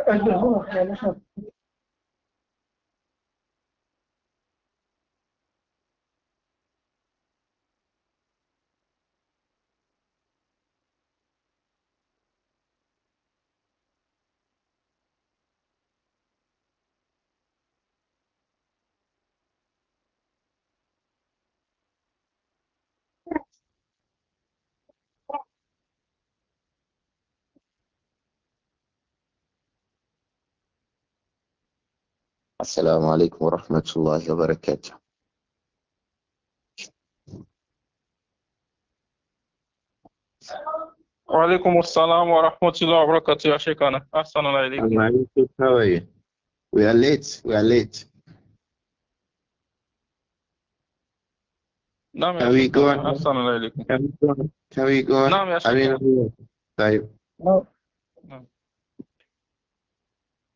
أجل أه. هو أه. السلام عليكم ورحمة الله وبركاته وعليكم السلام ورحمة الله وبركاته يا شيخنا أحسن الله إليك How are you? We are late, we are late نعم Can we go on? أحسن الله إليكم Can we go on? نعم يا شيخنا طيب نعم.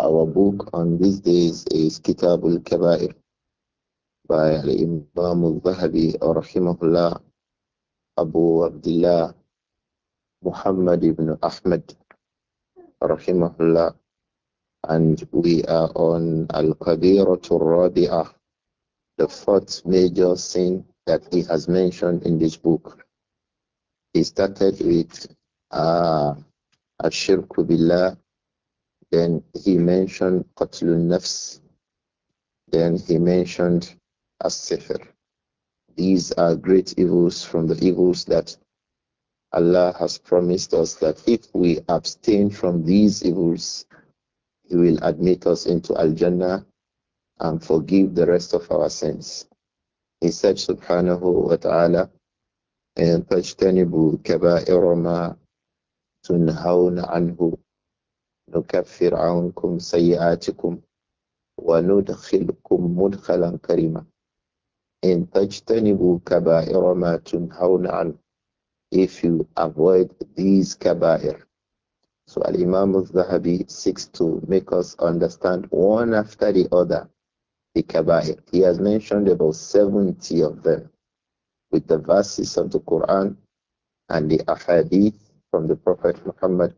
Our book on these days is Kitabul Kabair by Imam al-Zahabi rahimahullah Abu Abdullah Muhammad ibn Ahmad rahimahullah and we are on Al-Kabiratul Rabi'ah the fourth major sin that he has mentioned in this book. He started with uh, Ashirku Billah then he mentioned Qatlun Nafs. Then he mentioned As-Sifr. These are great evils from the evils that Allah has promised us that if we abstain from these evils, He will admit us into Al Jannah and forgive the rest of our sins. He said, Subhanahu wa ta'ala, and tajtanibu مَا تُنْهَوْنَ عَنْهُ. نكفر عنكم سيئاتكم وندخلكم مدخلا كريما إن تجتنبوا كبائر ما تنهون عَنْ if you avoid these kabair. So Al Imam al Zahabi seeks to make us understand one after the other the kabair. He has mentioned about 70 of them with the verses of the Quran and the ahadith from the Prophet Muhammad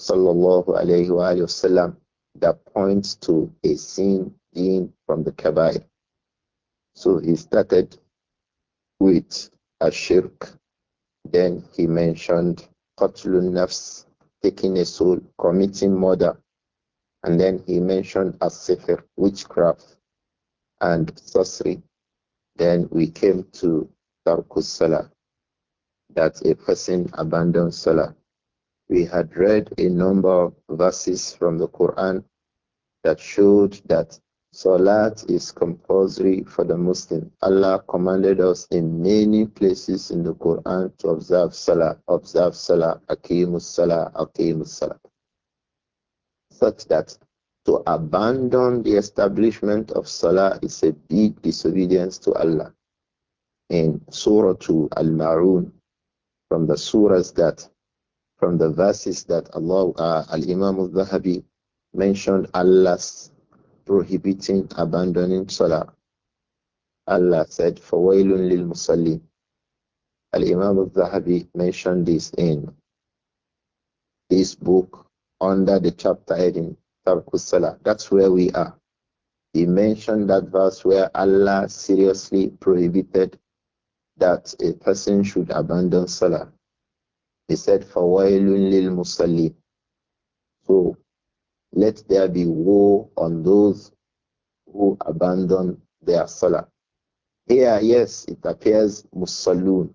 sallallahu alayhi wasallam, that points to a sin being from the Kabair. So he started with a shirk. Then he mentioned qatlun nafs, taking a soul, committing murder. And then he mentioned a sifr witchcraft, and sorcery. Then we came to tarkus salah, that a person abandons salah we had read a number of verses from the Quran that showed that Salat is compulsory for the Muslim. Allah commanded us in many places in the Quran to observe Salah, observe Salah, Akimus Salah, Akimus Salah. Such that to abandon the establishment of Salah is a big disobedience to Allah. In Surah 2 Al Ma'un, from the surahs that from the verses that Allah, uh, Al Imam al Zahabi mentioned Allah's prohibiting abandoning Salah. Allah said, Fawailun lil Musalli. Al Imam al Zahabi mentioned this in his book under the chapter heading Tarkus Salah. That's where we are. He mentioned that verse where Allah seriously prohibited that a person should abandon Salah. He said, Fawailun lil musalli. So let there be woe on those who abandon their salah. Here, yes, it appears musallun,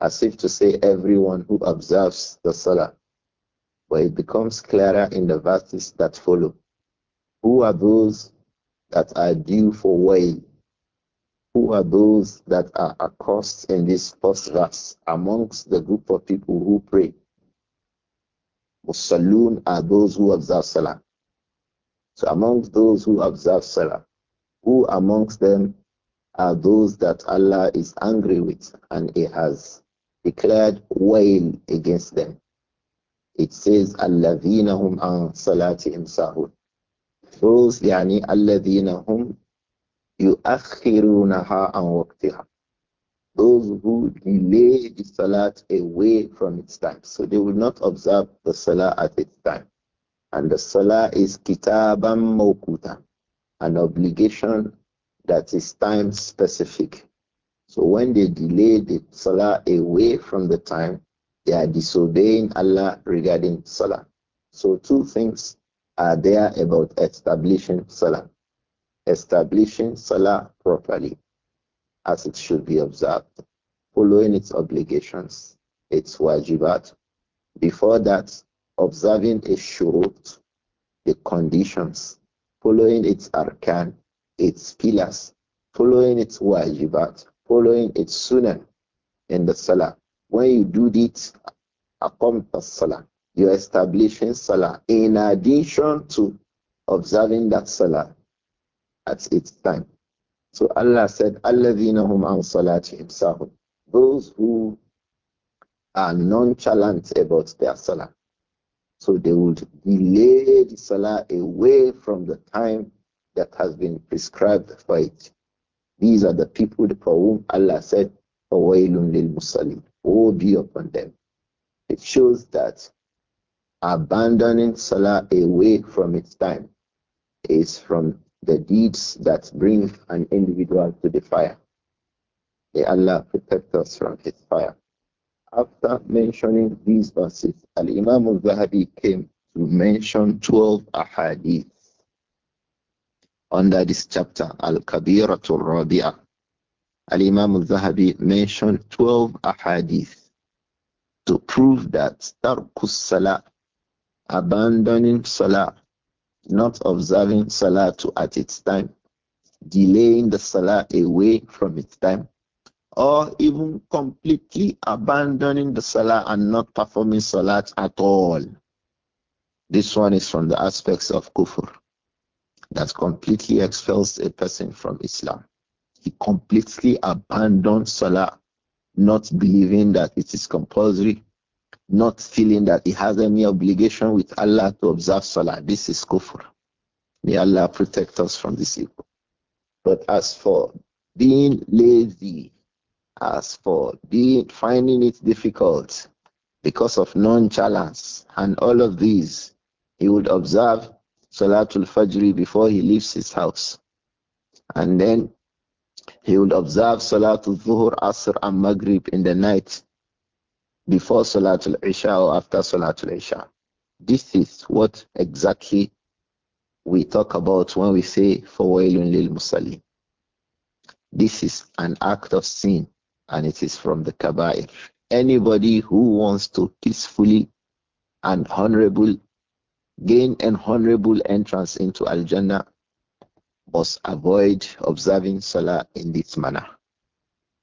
as if to say everyone who observes the salah. But it becomes clearer in the verses that follow. Who are those that are due for wail? who are those that are accursed in this first verse amongst the group of people who pray? Musallun are those who observe Salah. So amongst those who observe Salah, who amongst them are those that Allah is angry with and He has declared wail against them? It says, Alladhinahum an salati sahun. Those, yani, Alladhinahum يُؤَخِّرُونَهَا عَنْ وَقْتِهَا Those who delay the salat away from its time. So they will not observe the salah at its time. And the salah is kitabam mawkuta, an obligation that is time specific. So when they delay the salah away from the time, they are disobeying Allah regarding salah. So two things are there about establishing salah establishing Salah properly as it should be observed, following its obligations, its wajibat. Before that, observing a shurut, the conditions, following its arkan, its pillars, following its wajibat, following its sunan in the salah. When you do this, akamta salah, you're establishing salah in addition to observing that salah at its time. So Allah said, Alladhinahum an salatihim sahun. Those who are nonchalant about their salah. So they would delay the salah away from the time that has been prescribed for it. These are the people for whom Allah said, Fawailun lil musallim. Oh, be upon them. It shows that abandoning salah away from its time is from the deeds that bring an individual to the fire. May Allah protect us from his fire. After mentioning these verses, Al Imam al Zahabi came to mention 12 ahadith under this chapter, Al Kabiratul Rabi'ah. Al Imam al Zahabi mentioned 12 ahadith to prove that Tarkus Salah, abandoning Salah, not observing salah to at its time, delaying the salah away from its time, or even completely abandoning the salah and not performing salah at all. This one is from the aspects of kufr that completely expels a person from Islam. He completely abandons salah, not believing that it is compulsory not feeling that he has any obligation with Allah to observe Salah. This is kufr. May Allah protect us from this evil. But as for being lazy, as for being finding it difficult because of nonchalance and all of these, he would observe Salatul Fajr before he leaves his house. And then he would observe Salatul Zuhur, Asr, and Maghrib in the night before Salatul Isha or after Salatul Isha. This is what exactly we talk about when we say Fawailun lil Musalli. This is an act of sin and it is from the Kaba'ir. Anybody who wants to peacefully and honorable gain an honorable entrance into Al Jannah must avoid observing Salah in this manner.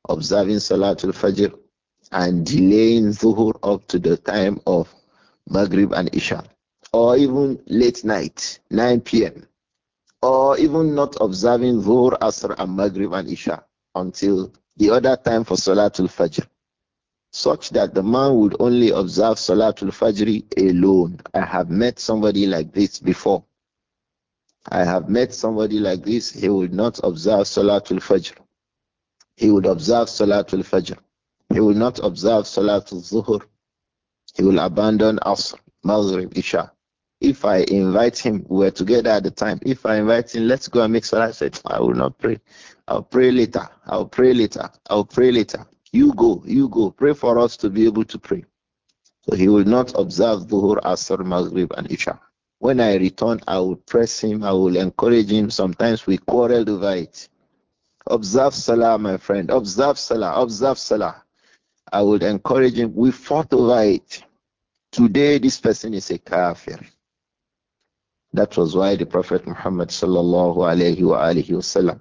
Observing Salatul Fajr and delaying Zuhur up to the time of Maghrib and Isha, or even late night, 9 p.m., or even not observing Zuhur, Asr, and Maghrib and Isha until the other time for Salatul Fajr, such that the man would only observe Salatul Fajr alone. I have met somebody like this before. I have met somebody like this, he would not observe Salatul Fajr. He would observe Salatul Fajr. He will not observe Salatul Zuhur. He will abandon Asr, Maghrib, Isha. If I invite him, we are together at the time. If I invite him, let's go and make Salah. I said, I will not pray. I'll pray later. I'll pray later. I'll pray later. You go, you go. Pray for us to be able to pray. So he will not observe Zuhur, Asr, Maghrib, and Isha. When I return, I will press him, I will encourage him. Sometimes we quarrel over it. Observe Salah, my friend. Observe Salah. Observe Salah. I would encourage him. We fought over it. Today, this person is a kafir. That was why the Prophet Muhammad sallallahu alayhi wa alihi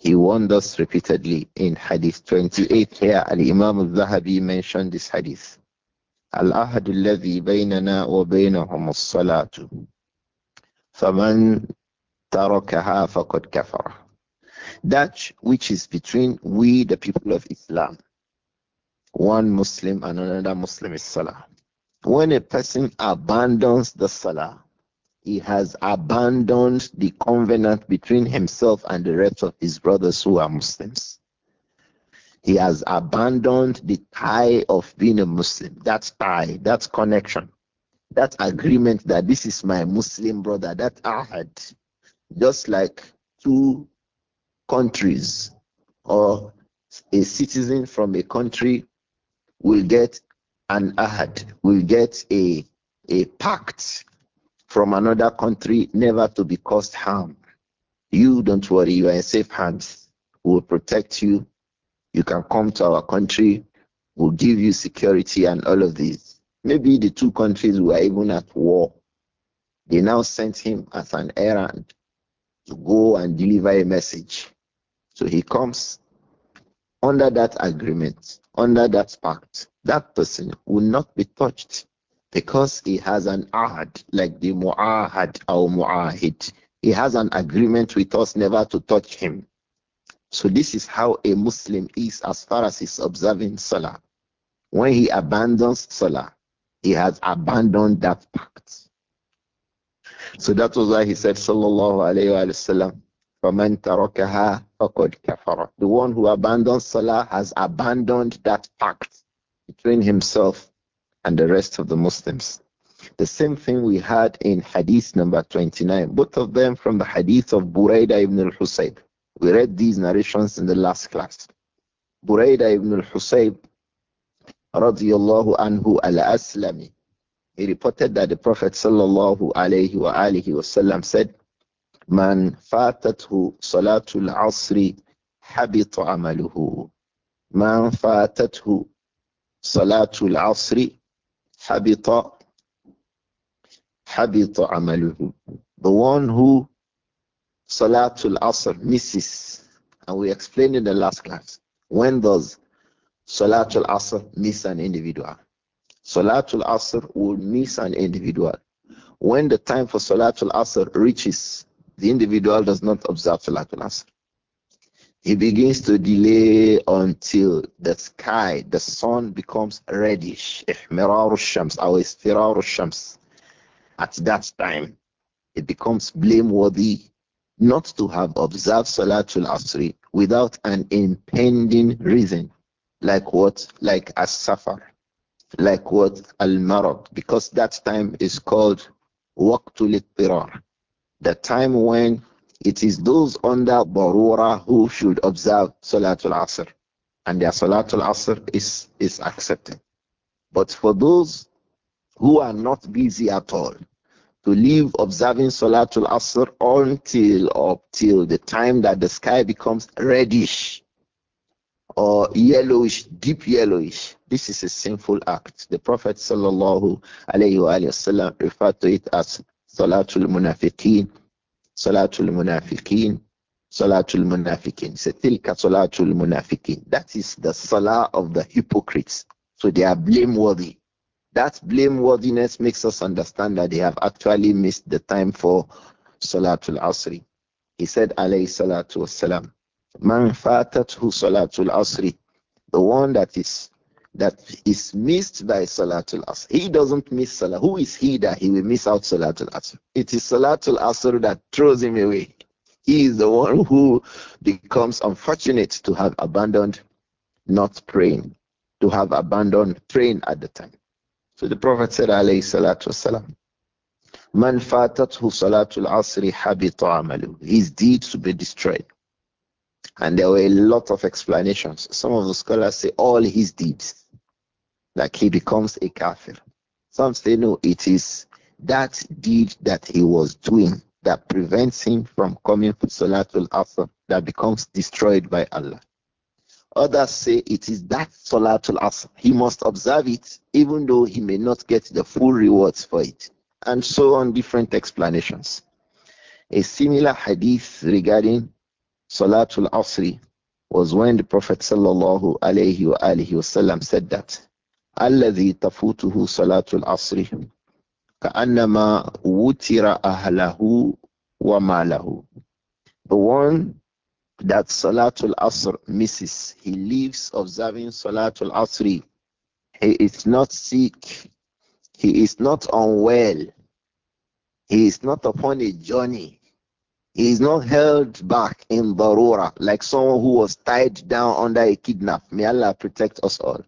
he warned us repeatedly in Hadith 28 here. Al Imam al Zahabi mentioned this Hadith. Al Ahad alladhi baynana wa baynahum as-salatu. Faman tarakaha faqad kafara. That which is between we, the people of Islam, one Muslim and another Muslim is Salah. When a person abandons the Salah, he has abandoned the covenant between himself and the rest of his brothers who are Muslims. He has abandoned the tie of being a Muslim, that tie, that connection, that agreement that this is my Muslim brother, that ahad, just like two countries or a citizen from a country will get an ahad, will get a, a pact from another country never to be caused harm. You don't worry, you are in safe hands. We will protect you. You can come to our country. We'll give you security and all of this. Maybe the two countries were even at war. They now sent him as an errand to go and deliver a message. So he comes under that agreement under that pact, that person will not be touched because he has an ahad, like the mu'ahad or mu'ahid. He has an agreement with us never to touch him. So this is how a Muslim is as far as he's observing Salah. When he abandons Salah, he has abandoned that pact. So that was why he said, Sallallahu Alaihi Wasallam, the one who abandons Salah has abandoned that pact between himself and the rest of the Muslims. The same thing we had in Hadith number 29, both of them from the Hadith of Buraida ibn al-Husayb. We read these narrations in the last class. Buraida ibn al-Husayb radiyallahu anhu al-Aslami. He reported that the Prophet sallallahu alayhi wa alihi wasallam said, Man fatathu salatul asri habita amaluhu. Man fatathu salatul asri habita habita amaluhu. The one who salatul asr misses, and we explained in the last class, when does Salatul Asr miss an individual. Salatul Asr will miss an individual. When the time for Salatul Asr reaches, the individual does not observe Salatul Asr. He begins to delay until the sky, the sun becomes reddish. shams At that time, it becomes blameworthy not to have observed Salatul Asr without an impending reason. Like what? Like a safar. Like what? Al marad. Because that time is called Waqtul Ittirar the time when it is those under Barura who should observe Salatul Asr. And their Salatul Asr is, is accepted. But for those who are not busy at all, to leave observing Salatul Asr until up till the time that the sky becomes reddish or yellowish, deep yellowish. This is a sinful act. The Prophet sallallahu wasallam referred to it as Salatul Munafikin, Salatul Munafikin, Salatul Munafikin. He said, Tilka Salatul Munafiqeen. That is the Salah of the hypocrites. So they are blameworthy. That blameworthiness makes us understand that they have actually missed the time for Salatul Asri. He said, alayhi salatu wassalam, Man fatathu Salatul Asri. The one that is that is missed by Salatul Asr. He doesn't miss Salah. Who is he that he will miss out Salatul Asr? It is Salatul Asr that throws him away. He is the one who becomes unfortunate to have abandoned not praying, to have abandoned praying at the time. So the Prophet said, alayhi salatu wasalam, Man fatathu salatul asri habita amalu. His deeds to be destroyed. And there were a lot of explanations. Some of the scholars say all his deeds like he becomes a kafir. Some say no, it is that deed that he was doing that prevents him from coming to Salatul Asr that becomes destroyed by Allah. Others say it is that Salatul Asr. He must observe it even though he may not get the full rewards for it. And so on, different explanations. A similar hadith regarding Salatul Asr was when the Prophet sallallahu wasallam said that الذي تفوته صلاة العصر كأنما وتر أهله وماله the one that Salatul Asr misses, he leaves observing Salatul Asri. He is not sick. He is not unwell. He is not upon a journey. He is not held back in Barura like someone who was tied down under a kidnap. May Allah protect us all.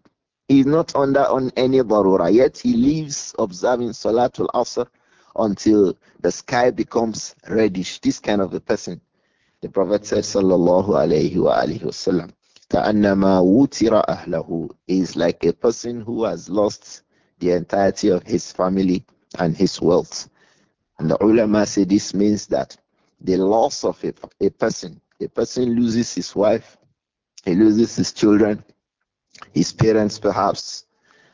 He's not under on any barura, yet he leaves observing Salatul Asr until the sky becomes reddish. This kind of a person. The Prophet said, Sallallahu Alaihi wa Wasallam, Ka'annama wutira ahlahu is like a person who has lost the entirety of his family and his wealth. And the ulama say this means that the loss of a, a person, a person loses his wife, he loses his children, his parents perhaps,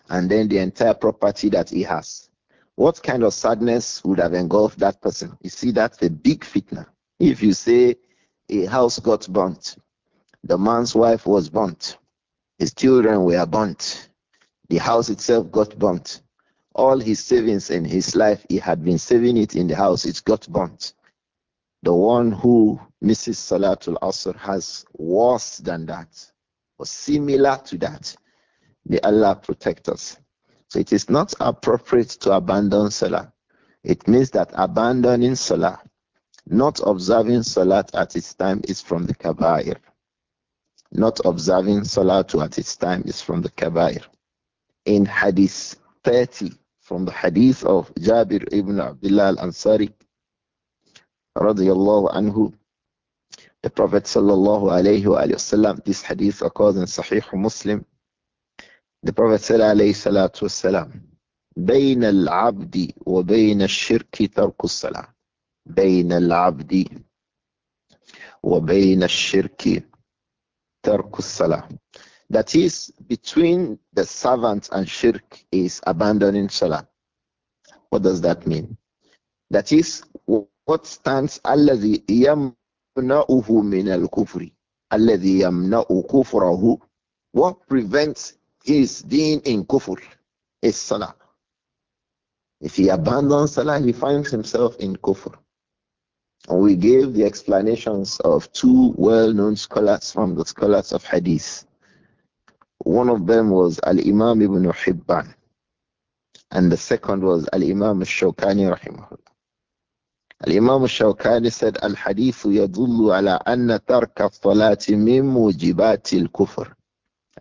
and then the entire property that he has. What kind of sadness would have engulfed that person? You see, that's a big fitna. If you say a house got burnt, the man's wife was burnt, his children were burnt, the house itself got burnt, all his savings in his life, he had been saving it in the house, it got burnt. The one who Mrs. Salatul Asr has worse than that similar to that. May Allah protect us. So it is not appropriate to abandon Salah. It means that abandoning Salah, not observing Salah at its time is from the Kabair. Not observing Salah at its time is from the Kabair. In Hadith 30, from the Hadith of Jabir ibn Abdullah al-Ansari, radiyallahu anhu, the Prophet sallallahu alayhi sallam, this hadith occurs in Sahih Muslim. The Prophet said alayhi salatu wasalam, بين العبد وبين الشرك ترك الصلاة. بين العبد وبين الشرك ترك الصلاة. That is between the servant and shirk is abandoning salah. What does that mean? That is what stands الذي يم what prevents his deen in kufr is salah if he abandons salah he finds himself in kufr and we gave the explanations of two well-known scholars from the scholars of hadith one of them was al-imam ibn hibban and the second was al-imam al-shawkani rahimahullah Al-Imam said, Al-Hadith yadullu ala anna tarka salati min mujibatil kufr.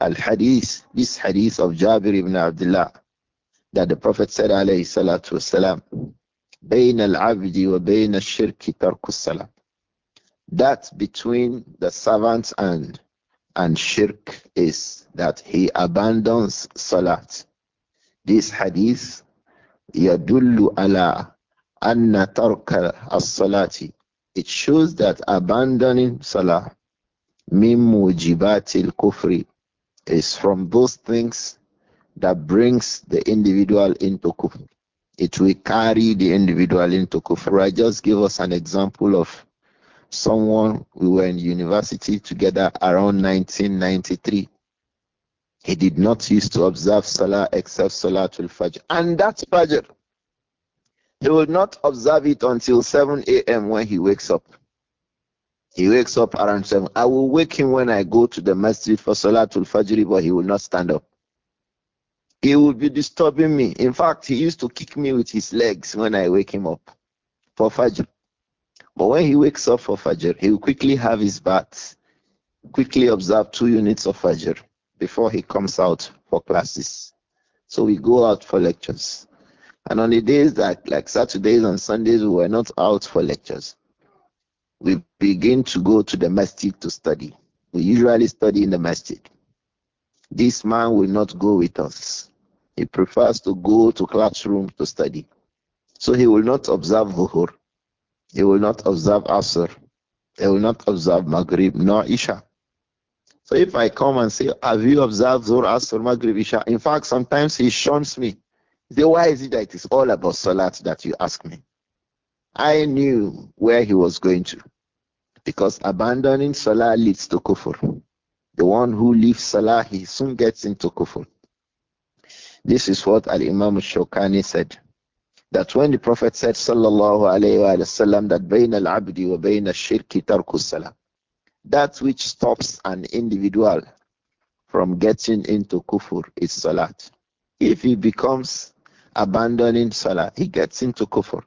Al-Hadith, this hadith of Jabir ibn Abdullah, that the Prophet said, alayhi salatu wasalam, بين العبد وبين الشرك ترك الصلاة. That between the servant and and shirk is that he abandons salat. This hadith يدل على Anna tarka as-salati. It shows that abandoning salah min mujibatil kufri is from those things that brings the individual into kufr. It will carry the individual into kufr. I just give us an example of someone we were in university together around 1993. He did not used to observe Salah except Salatul Fajr. And that's Fajr. He will not observe it until 7 a.m. when he wakes up. He wakes up around 7. I will wake him when I go to the masjid for Salatul Fajr, but he will not stand up. He will be disturbing me. In fact, he used to kick me with his legs when I wake him up for Fajr. But when he wakes up for Fajr, he will quickly have his bath, quickly observe two units of Fajr before he comes out for classes. So we go out for lectures. And on the days that, like Saturdays and Sundays, we were not out for lectures, we begin to go to the masjid to study. We usually study in the masjid. This man will not go with us. He prefers to go to classroom to study. So he will not observe Zuhur. He will not observe Asr. He will not observe Maghrib nor Isha. So if I come and say, Have you observed Zuhur, Asr, Maghrib, Isha? In fact, sometimes he shuns me. He said, Why is it that it is all about Salat that you ask me? I knew where he was going to. Because abandoning Salah leads to kufr. The one who leaves Salah, he soon gets into kufr. This is what Al Imam Shokani said. That when the Prophet said, Sallallahu Alaihi Wasallam, that Bain al Abdi wa Bain al Shirki Tarku Salah, that which stops an individual from getting into kufr is Salat. If he becomes abandoning salah, he gets into kufr.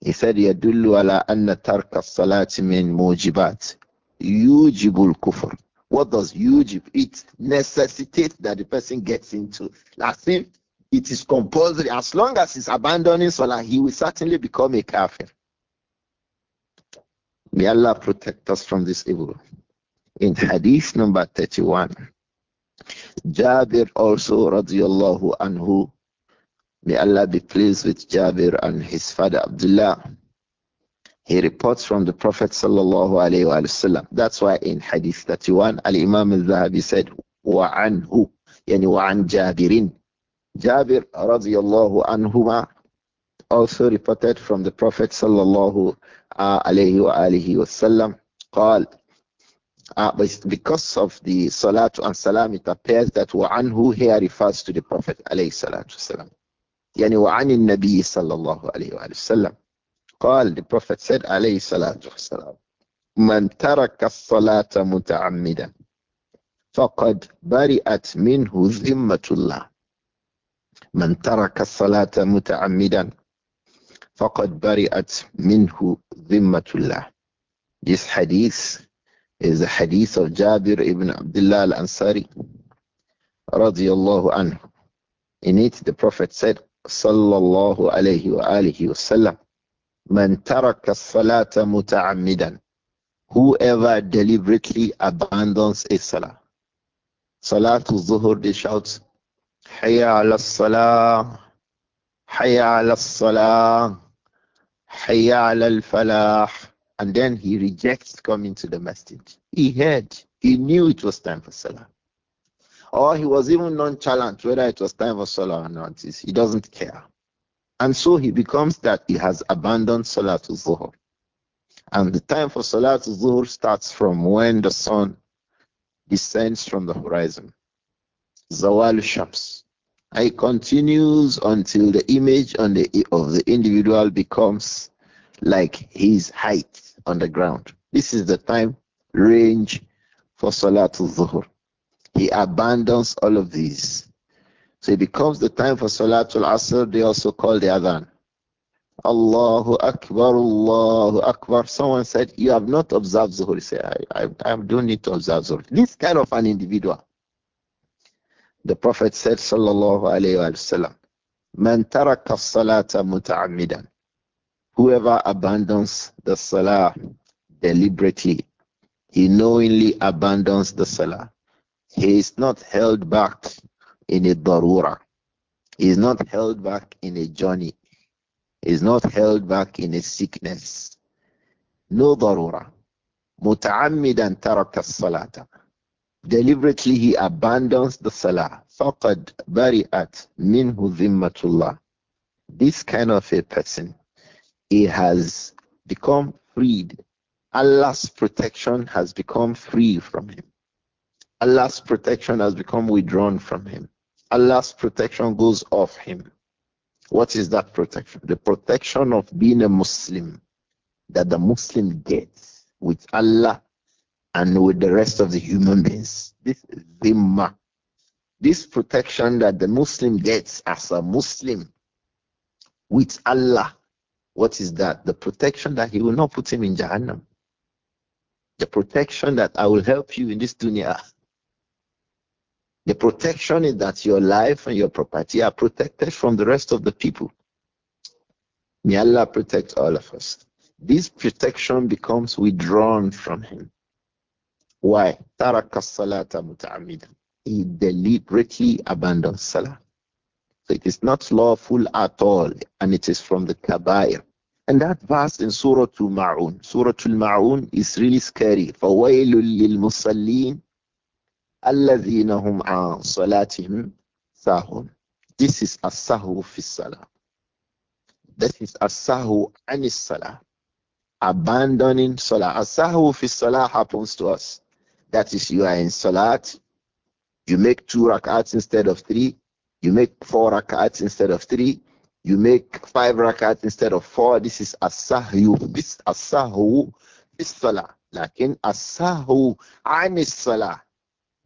He said, Yadullu ala anna tarka salati min mujibat. Yujibul kufr. What does yujib? It necessitates that the person gets into. As if it is compulsory. As long as he's abandoning salah, he will certainly become a kafir. May Allah protect us from this evil. In hadith number 31, Jabir also radiallahu anhu May Allah be pleased with Jabir and his father Abdullah. He reports from the Prophet sallallahu alaihi wasallam. That's why in Hadith 31, Al Imam Al Zahabi said, "Wa anhu, yani wa an Jabirin." Jabir radiyallahu anhuma also reported from the Prophet sallallahu alaihi wasallam, قال uh, uh but because of the salatu and salam, it appears that anhu here refers to the Prophet alayhi salatu salam. يعني وعن النبي صلى الله عليه وآله وسلم قال the prophet said عليه الصلاة والسلام من ترك الصلاة متعمدا فقد برئت منه ذمة الله من ترك الصلاة متعمدا فقد برئت منه ذمة الله This hadith is the hadith of Jabir ibn Abdullah al-Ansari رضي الله عنه In it the Prophet said sallallahu Alaihi wasallam whoever deliberately abandons a salah salatul zuhur they shout hayya ala salah hayya ala salah hayya ala falah and then he rejects coming to the masjid he heard he knew it was time for salah or he was even nonchalant whether it was time for Salah or not. He doesn't care. And so he becomes that he has abandoned Salah to zuhur And the time for Salah to zuhur starts from when the sun descends from the horizon. Zawal Shams. And it continues until the image on the, of the individual becomes like his height on the ground. This is the time range for Salatul Zuhur. He abandons all of these. So it becomes the time for Salatul Asr, they also call the Adhan. Allahu Akbar, Allahu Akbar. Someone said, You have not observed Zuhur. He said, I, I, I don't need to observe Zuhur. This kind of an individual. The Prophet said, Sallallahu Alaihi Wasallam, Man taraka salata muta'amidan. Whoever abandons the salah deliberately, he knowingly abandons the salah. He is not held back in a darura. He is not held back in a journey. He is not held back in a sickness. No darura. متعمدا ترك salata. deliberately he abandons the salah فقد bari'at منه ذمة this kind of a person he has become freed Allah's protection has become free from him Allah's protection has become withdrawn from him. Allah's protection goes off him. What is that protection? The protection of being a Muslim that the Muslim gets with Allah and with the rest of the human beings. This zimma, this protection that the Muslim gets as a Muslim with Allah. What is that? The protection that He will not put him in Jahannam. The protection that I will help you in this dunya the protection is that your life and your property are protected from the rest of the people. May Allah protect all of us. This protection becomes withdrawn from him. Why? Taraka salata muta'amidan. He deliberately abandons salah. So it is not lawful at all, and it is from the kabair. And that verse in Surah Al-Ma'un, Surah Al-Ma'un is really scary. فَوَيْلٌ لِلْمُصَلِّينَ الَّذِينَ هُمْ عَنْ صَلَاتِهِمْ سَاهُونَ This is asahu sahu fi salah. This is asahu sahu anis salah. Abandoning salah. Asahu sahu fi salah happens to us. That is, you are in salat, you make two rak'ats instead of three, you make four rak'ats instead of three, you make five rak'ats instead of four. This is asahu bis This bis sahu fi salah. Lakin as-sahu anis salah.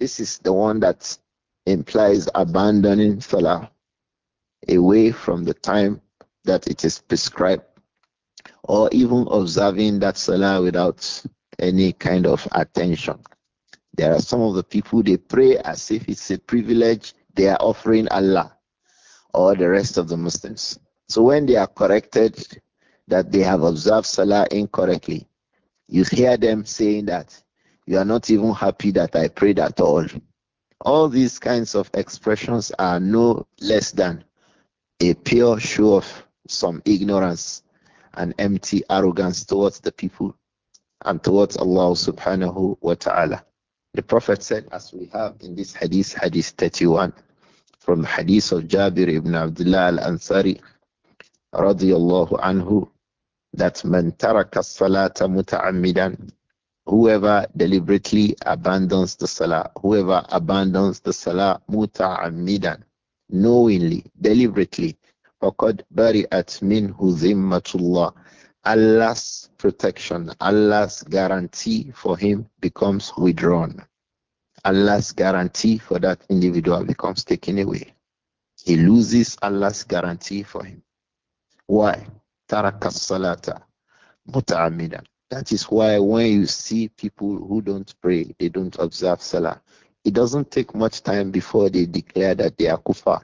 This is the one that implies abandoning Salah away from the time that it is prescribed or even observing that Salah without any kind of attention. There are some of the people they pray as if it's a privilege they are offering Allah or the rest of the Muslims. So when they are corrected that they have observed Salah incorrectly, you hear them saying that you are not even happy that I prayed at all. All these kinds of expressions are no less than a pure show of some ignorance and empty arrogance towards the people and towards Allah subhanahu wa ta'ala. The Prophet said, as we have in this hadith, hadith 31, from the hadith of Jabir ibn Abdullah al-Ansari, radiyallahu anhu, that man taraka salata muta'ammidan Whoever deliberately abandons the salah, whoever abandons the salah muta'ammidan, knowingly, deliberately, فَقَدْ بَرِئَتْ min huzim اللَّهِ Allah's protection, Allah's guarantee for him becomes withdrawn. Allah's guarantee for that individual becomes taken away. He loses Allah's guarantee for him. Why? Taraka salata muta'amidan. That is why when you see people who don't pray, they don't observe Salah. It doesn't take much time before they declare that they are kuffar.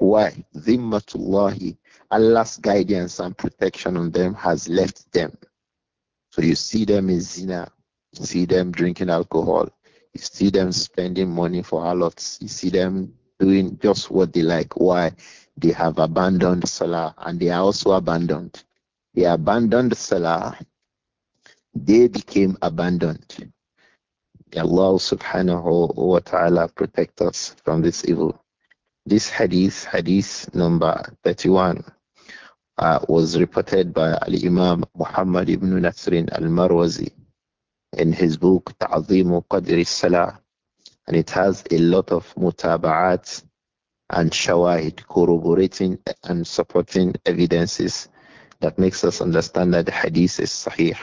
Why? Zimmatullahi, Allah's guidance and protection on them has left them. So you see them in zina, you see them drinking alcohol, you see them spending money for harlots, you see them doing just what they like. Why? They have abandoned Salah and they are also abandoned. They abandoned Salah they became abandoned. Allah subhanahu wa ta'ala protect us from this evil. This hadith, hadith number 31, uh, was reported by Al-Imam Muhammad ibn Nasrin al-Marwazi in his book Ta'zimu Qadri Salah and it has a lot of mutaba'at and shawahid corroborating and supporting evidences that makes us understand that the hadith is sahih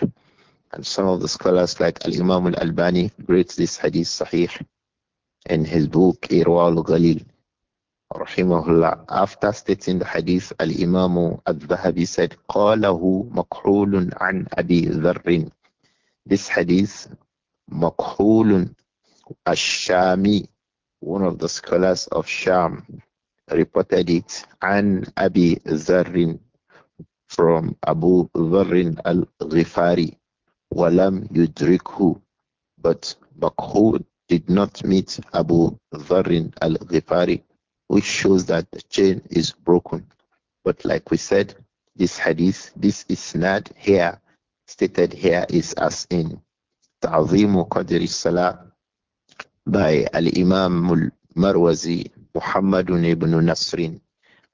and some of the scholars like Al Imam Al Albani rates this hadith sahih in his book Irwa Al Ghalil. Rahimahullah. After stating the hadith, Al Imam Al Dhahabi said, Qalahu makhulun an Abi Dharrin. This hadith, makhulun shami one of the scholars of Sham, reported it an Abi Dharrin from Abu Dharrin al Ghifari. Walam Yudrikhu. But Makhul did not meet Abu Dharrin al Ghifari, which shows that the chain is broken. But like we said, this hadith, this is not here, stated here is as in Ta'zimu Qadri Salah by Al Imam al Marwazi Muhammad ibn Nasrin.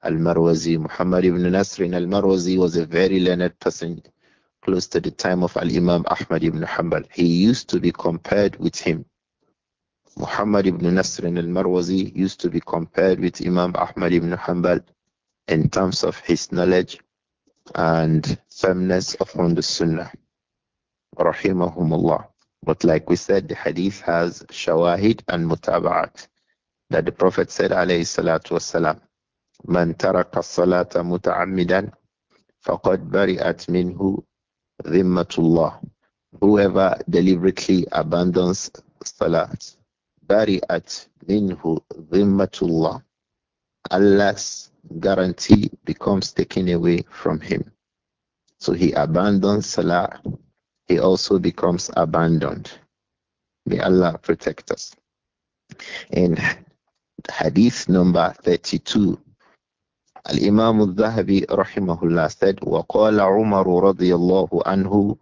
Al Marwazi, Muhammad ibn Nasrin al Marwazi was a very learned person close to the time of Al Imam Ahmad ibn Hanbal. He used to be compared with him. Muhammad ibn Nasr al Marwazi used to be compared with Imam Ahmad ibn Hanbal in terms of his knowledge and firmness upon the Sunnah. Rahimahumullah. But like we said, the hadith has shawahid and mutaba'at. That the Prophet said, alayhi salatu wasalam, Man taraka salata muta'ammidan faqad bari'at minhu dhimmatullah. Whoever deliberately abandons salat, bari'at minhu dhimmatullah. Allah's guarantee becomes taken away from him. So he abandons salah, he also becomes abandoned. May Allah protect us. In hadith number 32, الإمام الذهبي رحمه الله سيد وقال عمر رضي الله عنه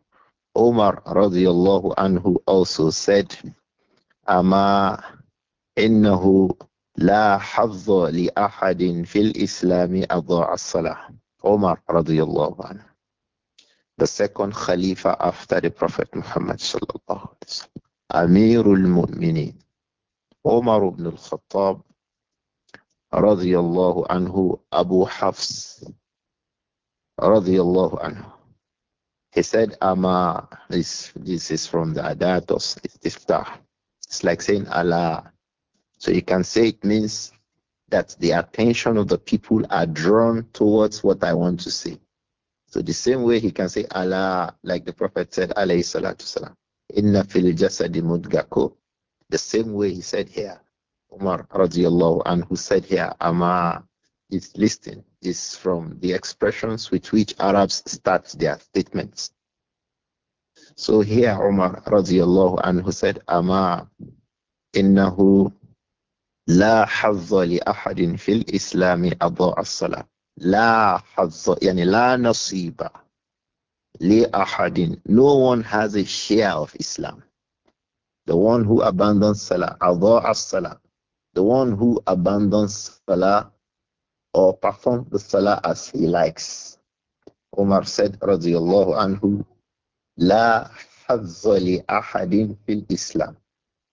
عمر رضي الله عنه also said أما إنه لا حظ لأحد في الإسلام أضاع الصلاة عمر رضي الله عنه the second Khalifa after the Prophet Muhammad صلى الله عليه وسلم أمير المؤمنين عمر بن الخطاب radiallahu anhu Abu Hafs radiallahu anhu. He said, Ama, this, this is from the Adat of Istiftah. It's like saying Allah. So you can say it means that the attention of the people are drawn towards what I want to say. So the same way he can say Allah, like the Prophet said, alayhi salatu salam, inna fil jasadi mudgako. The same way he said here, Umar radiallahu anhu said here, Ama is listing is from the expressions with which Arabs start their statements. So here Umar radiallahu anhu said, Ama innahu li حظ fil Islami الإسلام أضاع La لا حظ يعني لا li لأحد no one has a share of Islam the one who abandons Salah أضاع الصلاة the one who abandons Salah or performs the Salah as he likes. Umar said, radiallahu anhu, La hazzali ahadin fil Islam.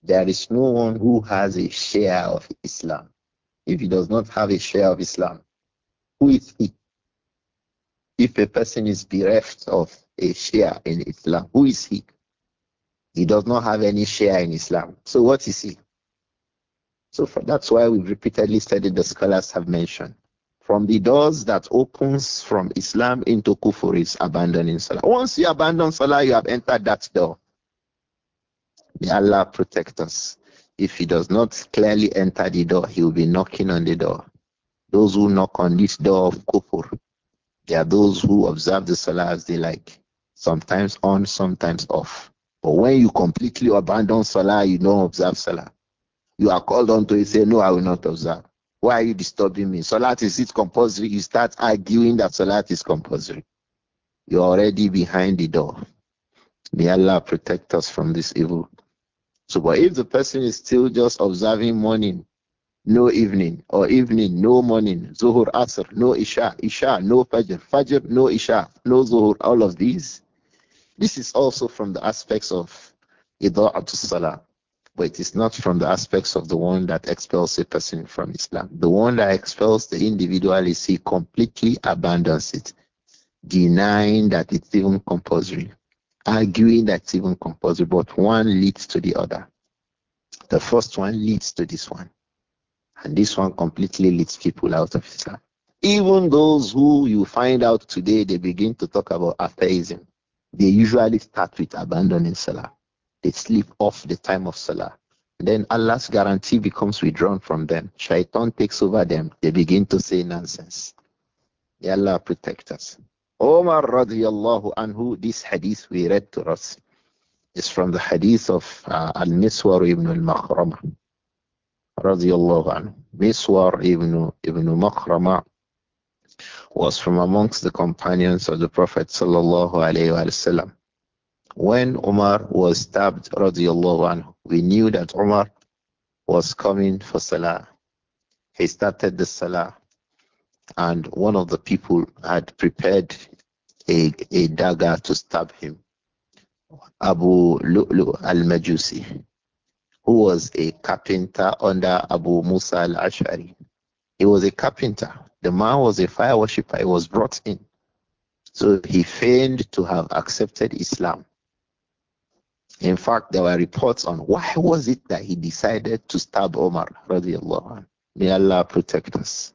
There is no one who has a share of Islam. If he does not have a share of Islam, who is he? If a person is bereft of a share in Islam, who is he? He does not have any share in Islam. So what is he? So for, that's why we've repeatedly studied the scholars have mentioned. From the doors that opens from Islam into kufr is abandoning salah. Once you abandon salah, you have entered that door. May Allah protect us. If he does not clearly enter the door, he will be knocking on the door. Those who knock on this door of kufr, there are those who observe the salah as they like, sometimes on, sometimes off. But when you completely abandon salah, you don't observe salah. You are called on to say, No, I will not observe. Why are you disturbing me? Salat is it compulsory? You start arguing that Salat is compulsory. You're already behind the door. May Allah protect us from this evil. So, but if the person is still just observing morning, no evening, or evening, no morning, Zuhur, Asr, no Isha, Isha, no Fajr, Fajr, no Isha, no Zuhur, all of these, this is also from the aspects of Ida'atul Salah but it is not from the aspects of the one that expels a person from Islam. The one that expels the individual is he completely abandons it, denying that it's even compulsory, arguing that it's even compulsory, but one leads to the other. The first one leads to this one, and this one completely leads people out of Islam. Even those who you find out today, they begin to talk about atheism. They usually start with abandoning Salah they sleep off the time of Salah. Then Allah's guarantee becomes withdrawn from them. Shaitan takes over them. They begin to say nonsense. Ya Allah protect us. Omar radiallahu anhu, this hadith we read to us is from the hadith of uh, Al-Miswar ibn al-Makhrama radiallahu anhu. Miswar ibn, ibn Makhrama was from amongst the companions of the Prophet sallallahu alayhi wa sallam. When Umar was stabbed, anhu, we knew that Umar was coming for Salah. He started the Salah, and one of the people had prepared a, a dagger to stab him. Abu Lu'lu al-Majusi, who was a carpenter under Abu Musa al-Ash'ari. He was a carpenter. The man was a fire worshipper. He was brought in. So he feigned to have accepted Islam. In fact, there were reports on why was it that he decided to stab Omar radiallahu anh. May Allah protect us.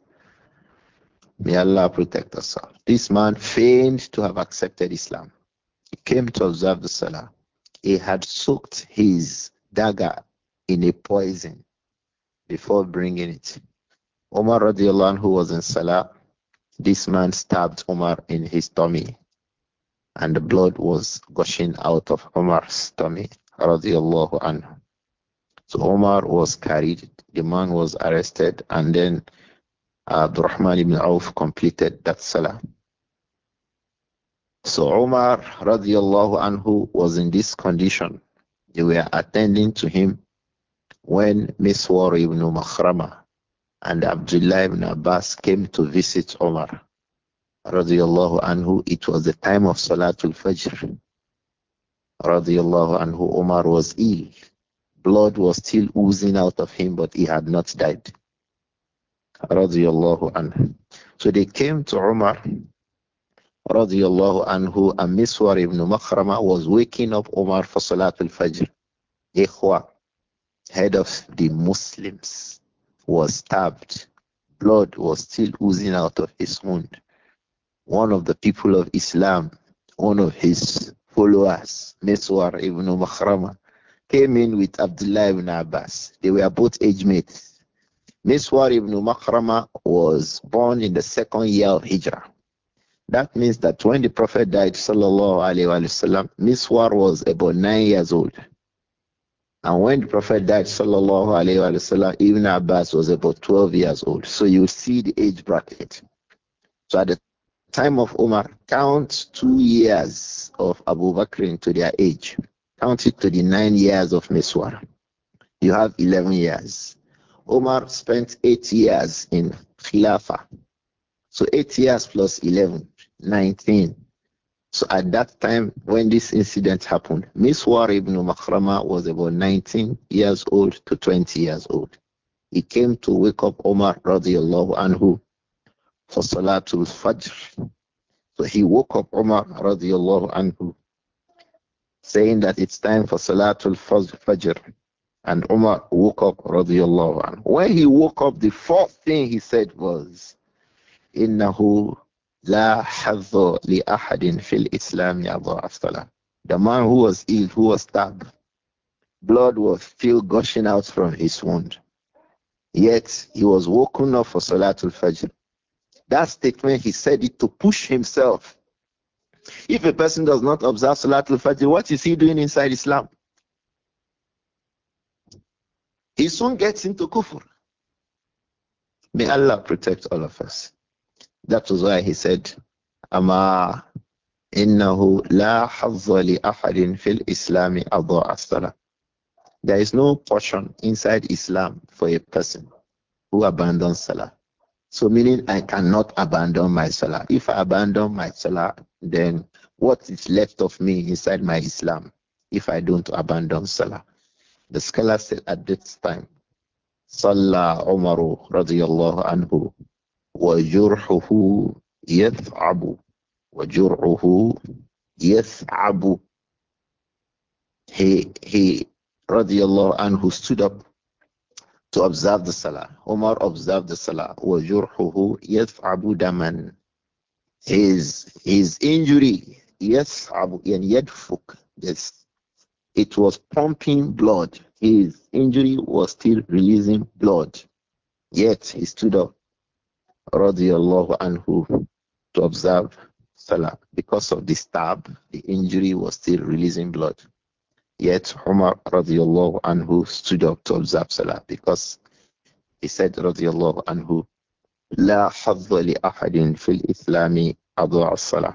May Allah protect us all. This man feigned to have accepted Islam. He came to observe the Salah. He had soaked his dagger in a poison before bringing it. Omar radiallahu who was in Salah. This man stabbed Omar in his tummy and the blood was gushing out of Omar's stomach, radiallahu anhu. So Omar was carried, the man was arrested, and then uh, Abdurrahman ibn Auf completed that salah. So Omar radiallahu anhu was in this condition. They were attending to him when Miswar ibn Makhrama and Abdullah ibn Abbas came to visit Omar radiallahu anhu, it was the time of Salatul Fajr. Radiallahu anhu, Omar was ill. Blood was still oozing out of him, but he had not died. Radiallahu anhu. So they came to Omar, radiallahu anhu, and Miswar ibn Makhrama was waking up Omar for Salatul Fajr. Ikhwa, head of the Muslims, was stabbed. Blood was still oozing out of his wound one of the people of Islam, one of his followers, Meswar ibn Makhrama, came in with Abdullah ibn Abbas. They were both age mates. Meswar ibn Makhrama was born in the second year of Hijrah. That means that when the Prophet died, sallallahu alayhi wasallam, wa Miswar was about nine years old. And when the Prophet died, sallallahu alayhi wasallam, Ibn Abbas was about 12 years old. So you see the age bracket. So at the time of Omar, count two years of Abu Bakr to their age. Count it to the nine years of Miswar. You have 11 years. Omar spent eight years in Khilafa. So eight years plus 11, 19. So at that time, when this incident happened, Miswar ibn Makhrama was about 19 years old to 20 years old. He came to wake up Omar radiallahu anhu for Salatul Fajr. So he woke up Umar radiallahu anhu saying that it's time for Salatul Fajr. And Umar woke up radiallahu anhu. When he woke up, the fourth thing he said was, إِنَّهُ لَا حَظُّ لِأَحَدٍ فِي الْإِسْلَامِ يَضَعَ الصَّلَاةِ The man who was ill, who was stabbed, blood was still gushing out from his wound. Yet he was woken up for Salatul Fajr. That statement, he said it to push himself. If a person does not observe Salatul Fajr, what is he doing inside Islam? He soon gets into kufr. May Allah protect all of us. That was why he said, Ama innahu la hazza li ahadin fil islami adha There is no portion inside Islam for a person who abandons salah. So meaning I cannot abandon my salah. If I abandon my salah, then what is left of me inside my Islam if I don't abandon salah? The scholar said at this time, Salah Umaru radiyallahu anhu wa jurhuhu yath'abu wa jur'uhu yath'abu. He, he radiyallahu anhu stood up to observe the Salah. Omar observed the Salah. وَجُرْحُهُ يَثْعَبُ دَمًا His, his injury, Abu and يَدْفُك Yes, it was pumping blood. His injury was still releasing blood. Yet he stood up, radiallahu anhu, to observe Salah. Because of the stab, the injury was still releasing blood. Yet Umar radiallahu anhu stood up to observe Salah because he said radiallahu anhu, لا حظ لأحد في الإسلام أضاع الصلاة.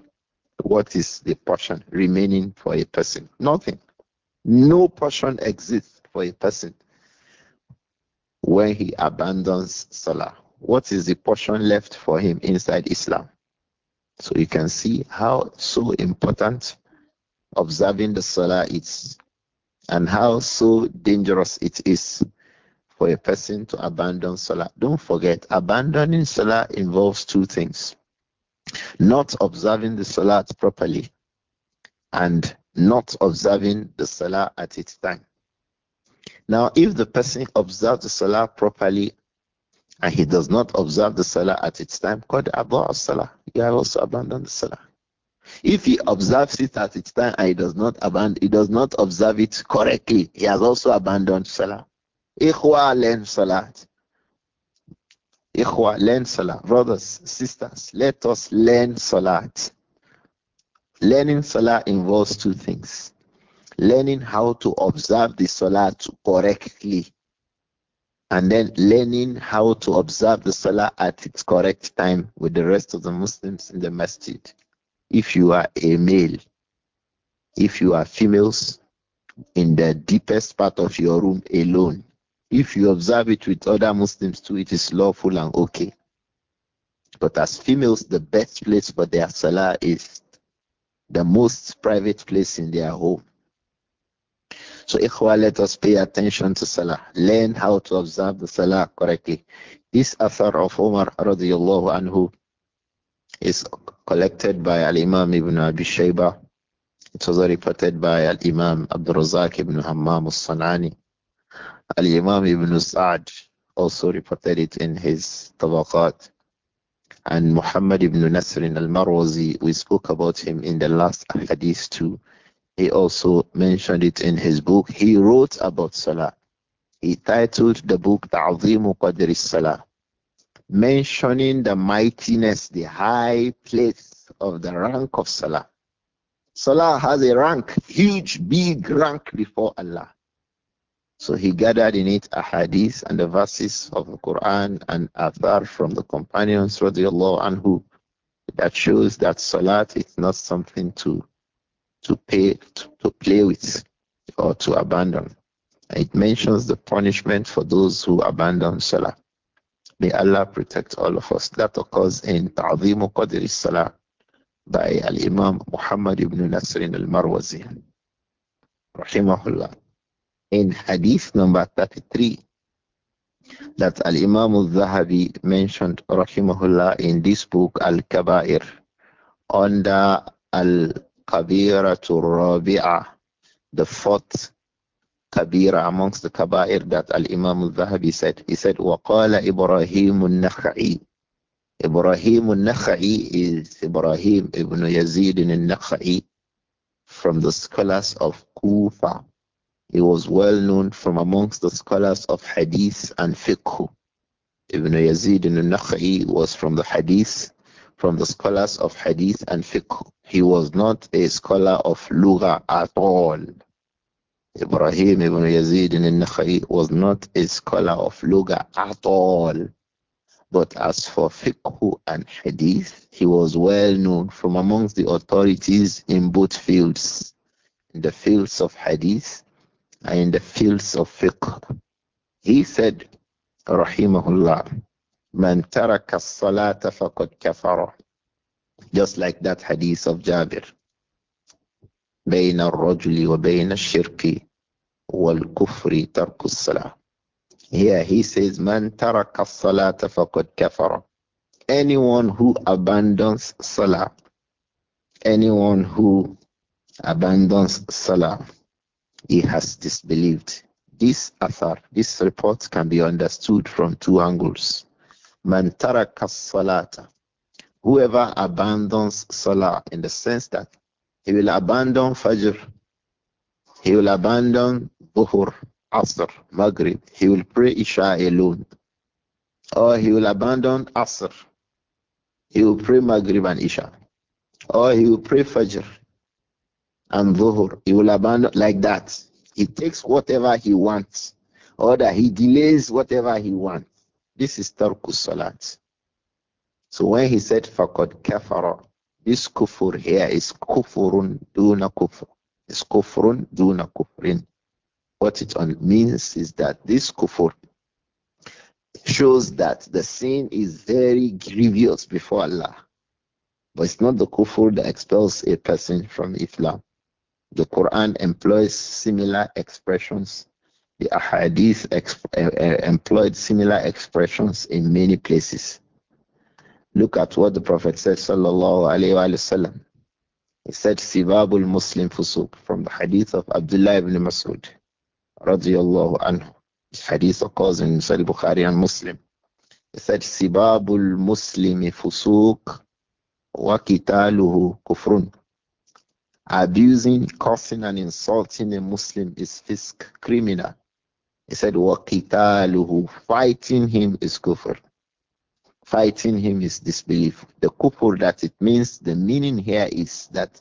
What is the portion remaining for a person? Nothing. No portion exists for a person when he abandons Salah. What is the portion left for him inside Islam? So you can see how so important observing the Salah is and how so dangerous it is for a person to abandon Salah. Don't forget, abandoning Salah involves two things not observing the salah properly and not observing the Salah at its time. Now, if the person observes the Salah properly and he does not observe the Salah at its time, called Abu Salah, you have also abandoned the Salah. If he observes it at its time and he does not abandon, he does not observe it correctly, he has also abandoned Salah. Ikhwa learn Salah. Ikhwa learn Salah. Brothers, sisters, let us learn Salah. Learning Salah involves two things. Learning how to observe the Salah correctly and then learning how to observe the salah at its correct time with the rest of the Muslims in the masjid. If you are a male, if you are females, in the deepest part of your room alone. If you observe it with other Muslims too, it is lawful and okay. But as females, the best place for their salah is the most private place in their home. So, ikhwa, let us pay attention to salah. Learn how to observe the salah correctly. This author of Omar radiallahu anhu is collected by Al Imam ibn Abi Shayba. It was reported by Al Imam Abdul Razak ibn Hammam al Sanani. Al Imam ibn Sa'd also reported it in his Tabaqat. And Muhammad ibn Nasr al Marwazi, we spoke about him in the last hadith too. He also mentioned it in his book. He wrote about Salah. He titled the book Ta'zimu Qadri Salah mentioning the mightiness, the high place of the rank of Salah. Salah has a rank, huge, big rank before Allah. So he gathered in it a hadith and the verses of the Quran and athar from the companions and who that shows that salat is not something to to pay to, to play with or to abandon. It mentions the punishment for those who abandon salah. May Allah protect all of us. That occurs in Ta'zimu al Salah by Al Imam Muhammad ibn Nasrin al Marwazi. Rahimahullah. In Hadith number 33, that Al Imam al Zahabi mentioned, Rahimahullah, in this book, Al Kabair, under Al Kabiratul Rabi'ah, the fourth kabira amongst the kaba'ir that Al Imam Al Zahabi said. He said, "Waqala Ibrahim al-Nakhai." Ibrahim al-Nakhai is Ibrahim ibn Yazid al-Nakhai from the scholars of Kufa. He was well known from amongst the scholars of Hadith and Fiqh. Ibn Yazid al-Nakhai was from the Hadith, from the scholars of Hadith and Fiqh. He was not a scholar of Lugha at all Ibrahim ibn Yazid in Nakhai was not a scholar of Luga at all. But as for fiqh and hadith, he was well known from amongst the authorities in both fields, in the fields of hadith and in the fields of fiqh. He said, Rahimahullah, Man taraka salata faqad kafara. Just like that hadith of Jabir. بين الرجل وبين الشرك وَالْكُفْرِ تَرْكُ الصَّلَاةِ Here he says, مَنْ تَرَكَ الصَّلَاةَ فَقَدْ كَفَرَ Anyone who abandons Salah, anyone who abandons Salah, he has disbelieved. This author, this report can be understood from two angles. من ترك الصلاة. Whoever abandons salah in the sense that he will abandon fajr, he will abandon Duhur, Asr, Maghrib, he will pray Isha alone. Or he will abandon Asr. He will pray Maghrib and Isha. Or he will pray Fajr and Dhuhr. He will abandon like that. He takes whatever he wants. Or that he delays whatever he wants. This is Tarkus Salat. So when he said Fakod Kafara, this kufur here is kufurun duna kufr. It's kufurun duna kufrin. What it means is that this kufur shows that the sin is very grievous before Allah. But it's not the kufur that expels a person from Islam. The Quran employs similar expressions. The Ahadith eh, eh, employed similar expressions in many places. Look at what the Prophet said, sallallahu alayhi wasallam. he said, Sibabul Muslim Fusuk, from the Hadith of Abdullah ibn Masud said, Abusing, cursing, and insulting a Muslim is fisk, criminal. He said, wa Fighting him is kufr. Fighting him is disbelief. The kufr that it means, the meaning here is that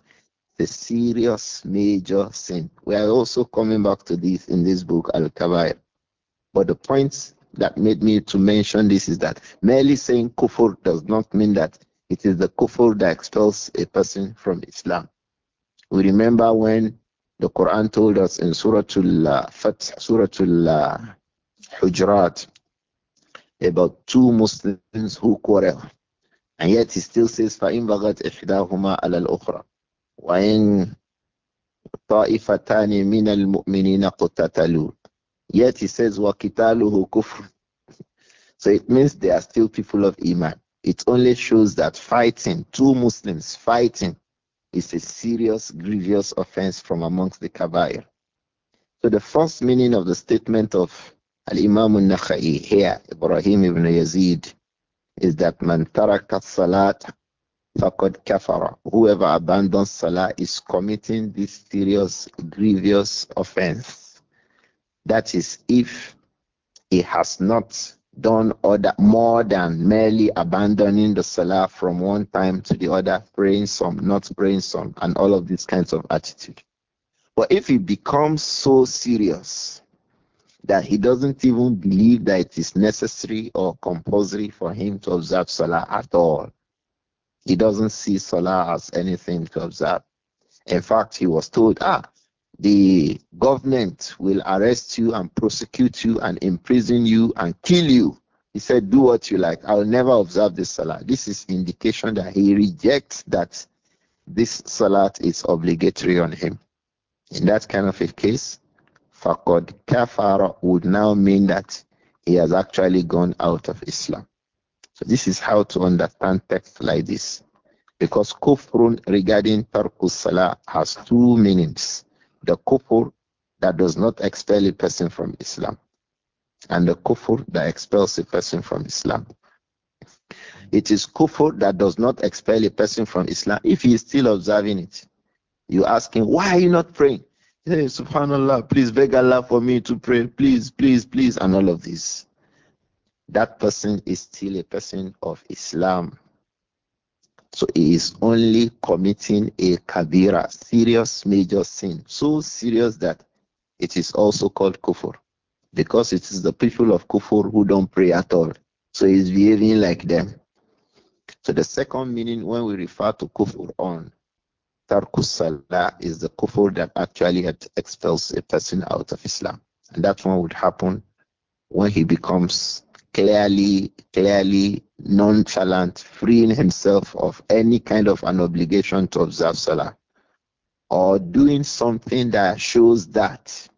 the serious major sin. We are also coming back to this in this book, Al Kabair. But the point that made me to mention this is that merely saying kufur does not mean that it is the kufur that expels a person from Islam. We remember when the Quran told us in Surah uh, Al-Fath, Surah uh, al about two Muslims who quarrel. And yet he still says, فَإِنْ بَغَتْ إِحْدَاهُمَا عَلَى الْأُخْرَى وَإِنْ طَائِفَتَانِ مِنَ الْمُؤْمِنِينَ Yet he says, وَقِتَالُهُ كُفْرٌ So it means they are still people of Iman. It only shows that fighting, two Muslims fighting, is a serious, grievous offense from amongst the Kabair. So the first meaning of the statement of Al-Imam al-Nakhai here, Ibrahim ibn Yazid, is that man taraka salat faqad kafara. Whoever abandons salah is committing this serious, grievous offense. That is, if he has not done other more than merely abandoning the salah from one time to the other, praying some, not praying some, and all of these kinds of attitude. But if he becomes so serious that he doesn't even believe that it is necessary or compulsory for him to observe salah at all, he doesn't see Salah as anything to observe. In fact, he was told, ah, the government will arrest you and prosecute you and imprison you and kill you. He said, do what you like. I'll never observe this salah. This is indication that he rejects that this salat is obligatory on him. In that kind of a case, fakod kafara would now mean that he has actually gone out of Islam. So this is how to understand text like this. Because kufrun regarding tarkus salah has two meanings. The kufr that does not expel a person from Islam and the kufr that expels a person from Islam. It is kufr that does not expel a person from Islam if he is still observing it. You ask him, why are you not praying? Hey, subhanallah, please beg Allah for me to pray, please, please, please, and all of this that person is still a person of Islam. So he is only committing a kabira, serious major sin, so serious that it is also called kufur, because it is the people of kufur who don't pray at all. So he's behaving like them. So the second meaning when we refer to kufur on salah is the kufur that actually expels a person out of Islam, and that one would happen when he becomes clearly, clearly nonchalant, freeing himself of any kind of an obligation to observe Salah, or doing something that shows that,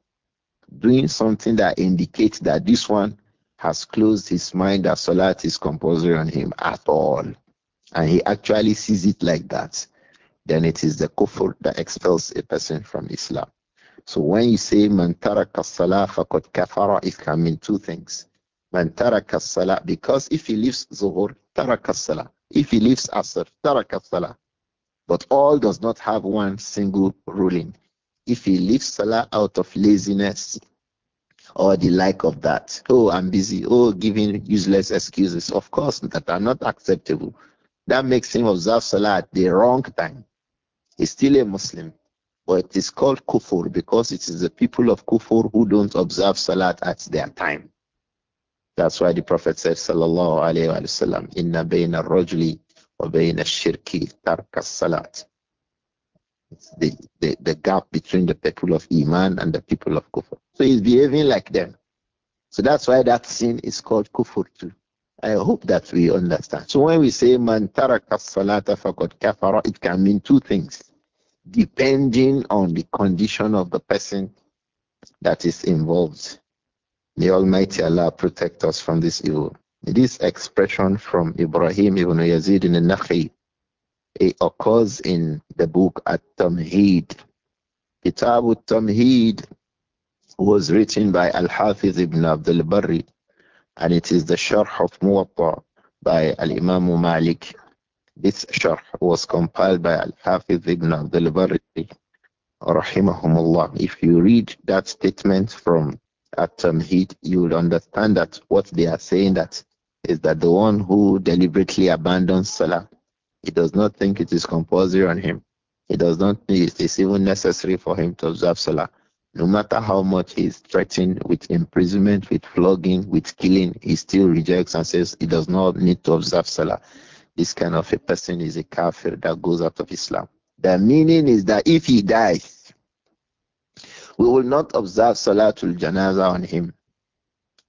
doing something that indicates that this one has closed his mind that Salah is compulsory on him at all, and he actually sees it like that, then it is the kufr that expels a person from Islam. So when you say mantara kasala salah kafara, it can mean two things. Man taraka salah. Because if he leaves Zuhur, taraka salah. If he leaves Asr, taraka salah. But all does not have one single ruling. If he leaves Salah out of laziness or the like of that, oh, I'm busy, oh, giving useless excuses, of course, that are not acceptable. That makes him observe Salah at the wrong time. He's still a Muslim, but it is called kufur because it is the people of kufur who don't observe Salah at their time. That's why the Prophet said, Sallallahu Alaihi Wasallam, Inna bayna rajuli wa bayna shirki tarka salat. The, the, the gap between the people of Iman and the people of Kufr. So he's behaving like them. So that's why that sin is called Kufr too. I hope that we understand. So when we say man taraka salata faqad kafara, it can mean two things, depending on the condition of the person that is involved. May Almighty Allah protect us from this evil. This expression from Ibrahim ibn Yazid in the nakhi it occurs in the book At-Tamheed. Kitab al-Tamheed was written by Al-Hafiz ibn Abdul Barri, and it is the Sharh of Muwatta by Al-Imam Malik. This Sharh was compiled by Al-Hafiz ibn Abdul Barri, rahimahumullah. If you read that statement from at um, heat, you will understand that what they are saying that is that the one who deliberately abandons Salah, he does not think it is compulsory on him. He does not think it is even necessary for him to observe Salah. No matter how much he is threatened with imprisonment, with flogging, with killing, he still rejects and says he does not need to observe Salah. This kind of a person is a kafir that goes out of Islam. The meaning is that if he dies, we will not observe Salatul Janaza on him.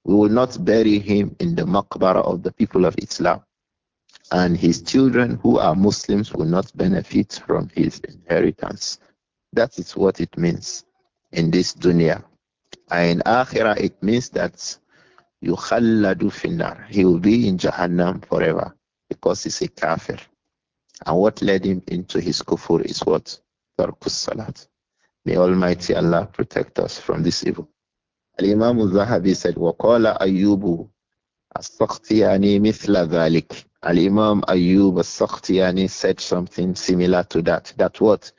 We will not bury him in the maqbara of the people of Islam. And his children who are Muslims will not benefit from his inheritance. That is what it means in this dunya. And in akhirah, it means that yukhalladu finnar. He will be in Jahannam forever because he's a kafir. And what led him into his kufur is what? Tarkus salat. May Almighty Allah protect us from this evil. Al-Imam al-Zahabi said, وَقَالَ أَيُّوبُ السَّخْتِيَانِ مِثْلَ ذَلِكَ Al-Imam Ayyub al-Sakhtiyani said something similar to that. That what?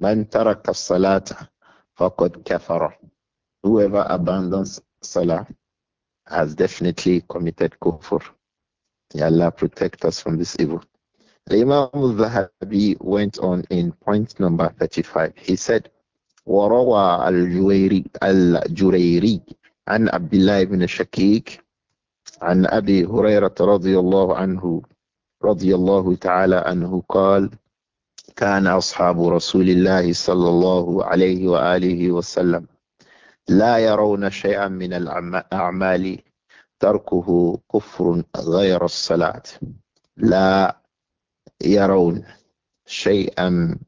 Man taraka salata faqad kafara. Whoever abandons salah has definitely committed kufr. May Allah protect us from this evil. Al-Imam al-Zahabi went on in point number 35. He said, وروى الجويري الجريري عن عبد الله بن شكيك عن أبي هريرة رضي الله عنه رضي الله تعالى عنه قال كان أصحاب رسول الله صلى الله عليه وآله وسلم لا يرون شيئا من الأعمال تركه كفر غير الصلاة لا يرون شيئا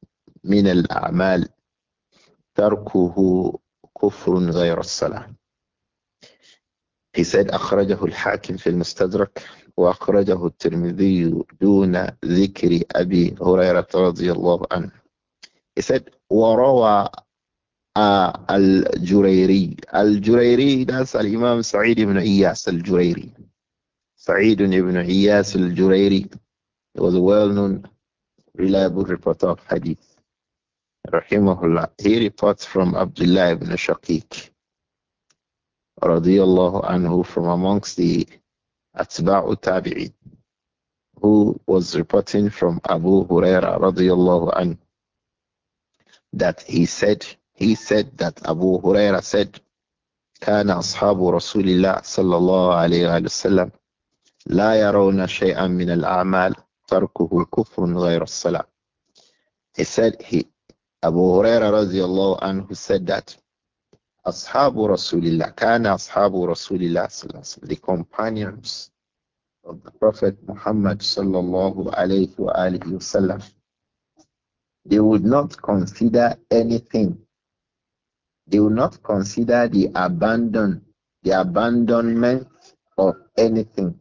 من الأعمال تركه كفر غير الصلاة في سيد أخرجه الحاكم في المستدرك وأخرجه الترمذي دون ذكر أبي هريرة رضي الله عنه سيد وروى آه، الجريري الجريري ناس الإمام سعيد بن إياس الجريري سعيد بن إياس الجريري was a well-known reliable reporter of hadith rahimahullah, he reports from Abdullah ibn Shaqiq, radiyallahu anhu, from amongst the Atba'u Tabi'in, who was reporting from Abu Huraira, radiyallahu anhu, that he said, he said that Abu Huraira said, كان أصحاب رسول الله صلى الله عليه وسلم لا يرون شيئا من الأعمال تركه كفر غير الصلاة. He said he, Abu Huraira radiallahu anhu said that Ashabu Rasulillah, Kana Ashabu Rasulillah, the companions of the Prophet Muhammad sallallahu alayhi wa alihi wasallam, they would not consider anything. They would not consider the abandon, the abandonment of anything.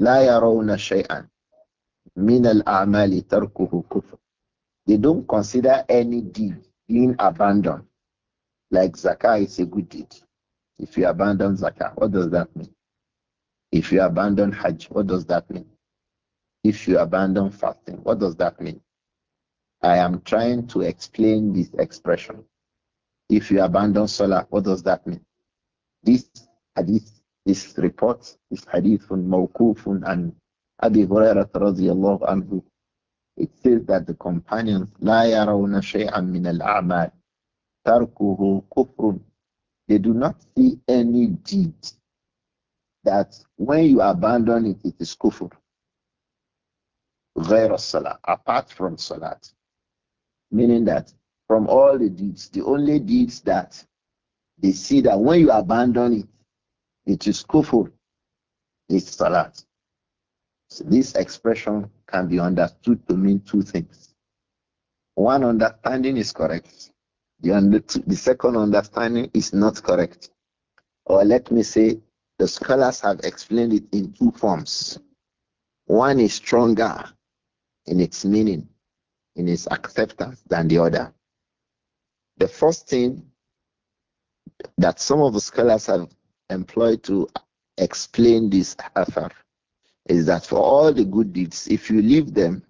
لا يرون شيئا من الأعمال تركه كفر they don't consider any deed being abandoned. Like zakah is a good deed. If you abandon zakah, what does that mean? If you abandon hajj, what does that mean? If you abandon fasting, what does that mean? I am trying to explain this expression. If you abandon salah, what does that mean? This hadith, this report, this hadith from Mawkufun and Abi Hurairah radiallahu anhu it says that the companions لا يرون شيئا من الأعمال تركه كفر they do not see any deed that when you abandon it it is kufr غير الصلاة apart from salat meaning that from all the deeds the only deeds that they see that when you abandon it it is kufr is salat so this expression can be understood to mean two things. One understanding is correct. The, under, the second understanding is not correct. Or let me say, the scholars have explained it in two forms. One is stronger in its meaning, in its acceptance than the other. The first thing that some of the scholars have employed to explain this affair is that for all the good deeds, if you leave them,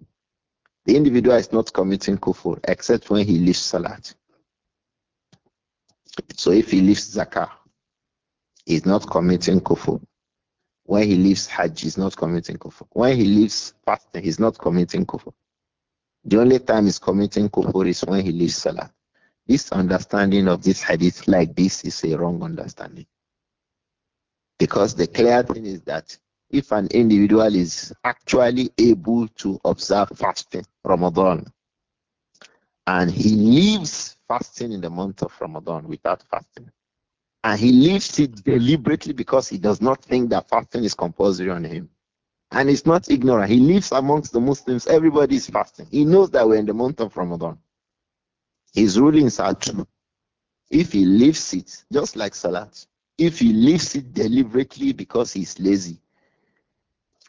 the individual is not committing kufur except when he leaves salat. So if he leaves zakah, he's not committing kufur. When he leaves hajj, he's not committing kufur. When he leaves fasting, he's not committing kufur. The only time he's committing kufur is when he leaves salat. This understanding of this hadith like this is a wrong understanding. Because the clear thing is that if an individual is actually able to observe fasting, Ramadan, and he leaves fasting in the month of Ramadan without fasting, and he leaves it deliberately because he does not think that fasting is compulsory on him. And he's not ignorant. He lives amongst the Muslims. Everybody is fasting. He knows that we're in the month of Ramadan. His rulings are true. If he leaves it, just like Salat, if he leaves it deliberately because he's lazy,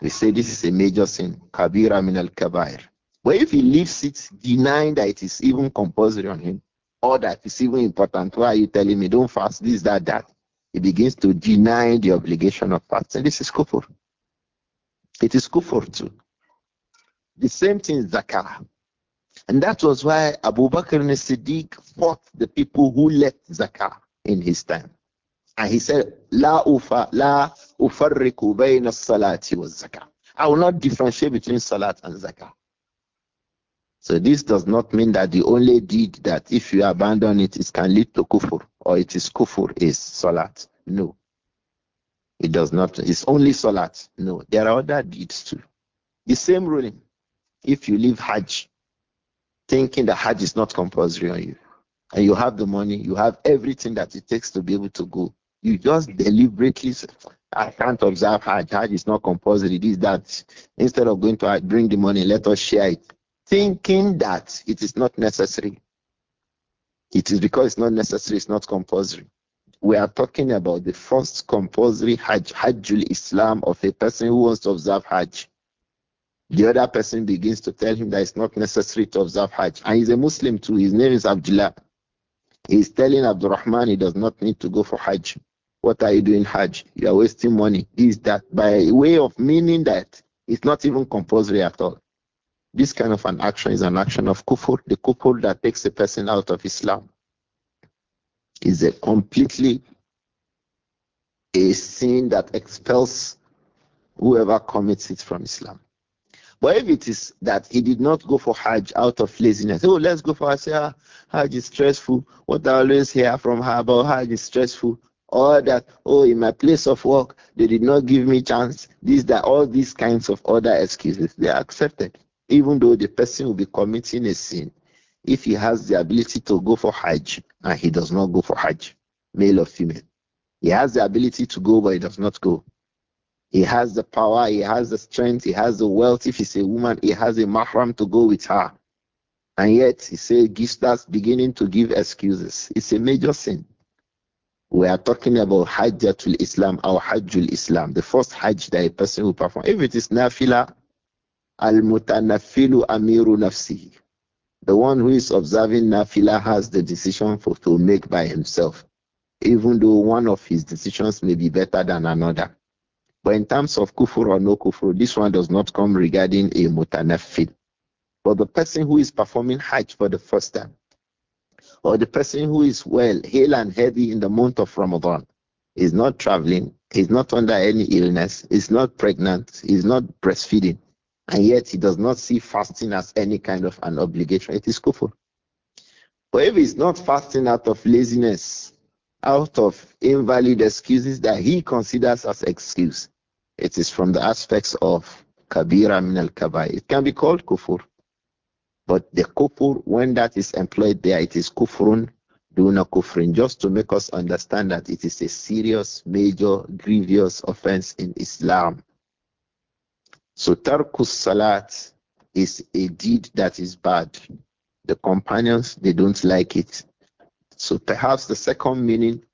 they say this is a major sin, kabira min al kabair. But if he leaves it denying that it is even compulsory on him, or that it's even important, why are you telling me don't fast this, that, that? He begins to deny the obligation of fasting. This is kufur. It is kufur too. The same thing zakah. And that was why Abu Bakr and Siddiq fought the people who left zakah in his time. And he said, La ufa, la ufarriku bayna salati wa zakah. I will not differentiate between salat and zakah. So this does not mean that the only deed that if you abandon it, it can lead to kufur or it is kufur is salat. No. It does not. It's only salat. No. There are other deeds too. The same ruling. If you leave Hajj thinking that Hajj is not compulsory on you and you have the money, you have everything that it takes to be able to go, you just deliberately I can't observe Hajj. Hajj is not compulsory. This, that. Instead of going to bring the money, let us share it. Thinking that it is not necessary. It is because it's not necessary, it's not compulsory. We are talking about the first compulsory Hajj, Hajjul Islam of a person who wants to observe Hajj. The other person begins to tell him that it's not necessary to observe Hajj. And he's a Muslim too. His name is Abdullah. He's telling Rahman he does not need to go for Hajj. What are you doing, Hajj? You are wasting money. Is that by way of meaning that it's not even compulsory at all. This kind of an action is an action of kufur, the kufur that takes a person out of Islam. Is a completely a sin that expels whoever commits it from Islam. But if it is that he did not go for Hajj out of laziness, oh, let's go for Hajj. Ah, Hajj is stressful. What I always hear from her about Hajj is stressful or that oh in my place of work they did not give me chance these that all these kinds of other excuses they are accepted even though the person will be committing a sin if he has the ability to go for hajj and he does not go for hajj male or female he has the ability to go but he does not go he has the power he has the strength he has the wealth if he's a woman he has a mahram to go with her and yet he says starts beginning to give excuses it's a major sin we are talking about Hajjatul Islam or Hajjul Islam, the first Hajj that a person will perform. If it is Nafila, Al Mutanafilu Amiru Nafsihi. The one who is observing Nafila has the decision for, to make by himself, even though one of his decisions may be better than another. But in terms of kufur or no kufur, this one does not come regarding a mutanafil. But the person who is performing Hajj for the first time, or the person who is well, hale and heavy in the month of Ramadan, is not traveling, is not under any illness, is not pregnant, is not breastfeeding, and yet he does not see fasting as any kind of an obligation, it is kufr. But if he's not fasting out of laziness, out of invalid excuses that he considers as excuse, it is from the aspects of kabira min al kabai. It can be called kufr. But the kufur, when that is employed there, it is kufrun duna kufrin, just to make us understand that it is a serious, major, grievous offense in Islam. So tarkus salat is a deed that is bad. The companions, they don't like it. So perhaps the second meaning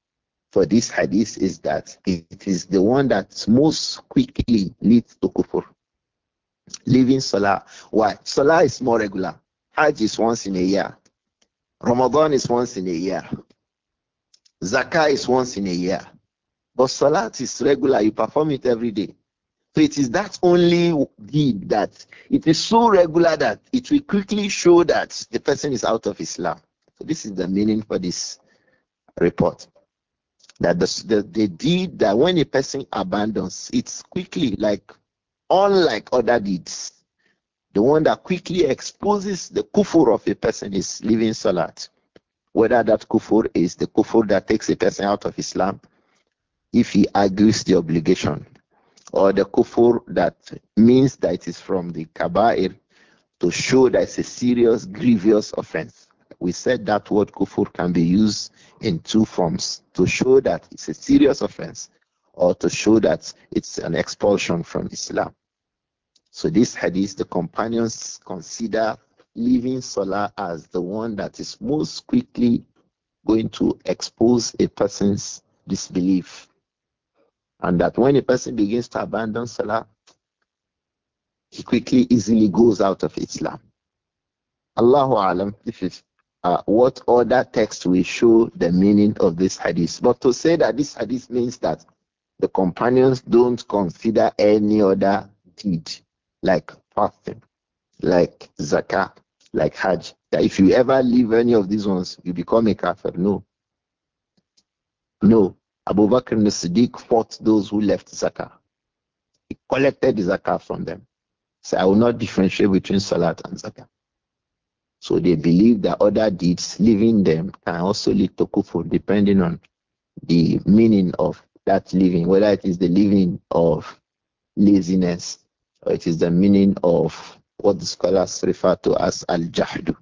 for this hadith is that it is the one that most quickly leads to kufr. Leaving Salah. Why? Salah is more regular. Hajj is once in a year. Ramadan is once in a year. Zakah is once in a year. But Salat is regular. You perform it every day. So it is that only deed that it is so regular that it will quickly show that the person is out of Islam. So this is the meaning for this report. That the, the, the deed that when a person abandons, it's quickly like unlike other deeds. The one that quickly exposes the kufur of a person is leaving salat. Whether that kufur is the kufur that takes a person out of Islam, if he argues the obligation, or the kufur that means that it is from the kaba'ir to show that it's a serious, grievous offense. We said that word kufur can be used in two forms to show that it's a serious offense or to show that it's an expulsion from Islam. So this hadith, the companions consider leaving Salah as the one that is most quickly going to expose a person's disbelief. And that when a person begins to abandon Salah, he quickly, easily goes out of Islam. Allahu Alam, this is uh, what other text will show the meaning of this hadith. But to say that this hadith means that the companions don't consider any other deed like fasting, like zakah, like hajj. That if you ever leave any of these ones, you become a kafir. No. No. Abu Bakr and Siddiq fought those who left zakah. He collected the zakah from them. So I will not differentiate between salat and zakah. So they believe that other deeds, leaving them, can also lead to kufr, depending on the meaning of that living, whether it is the living of laziness or it is the meaning of what the scholars refer to as al jahdu.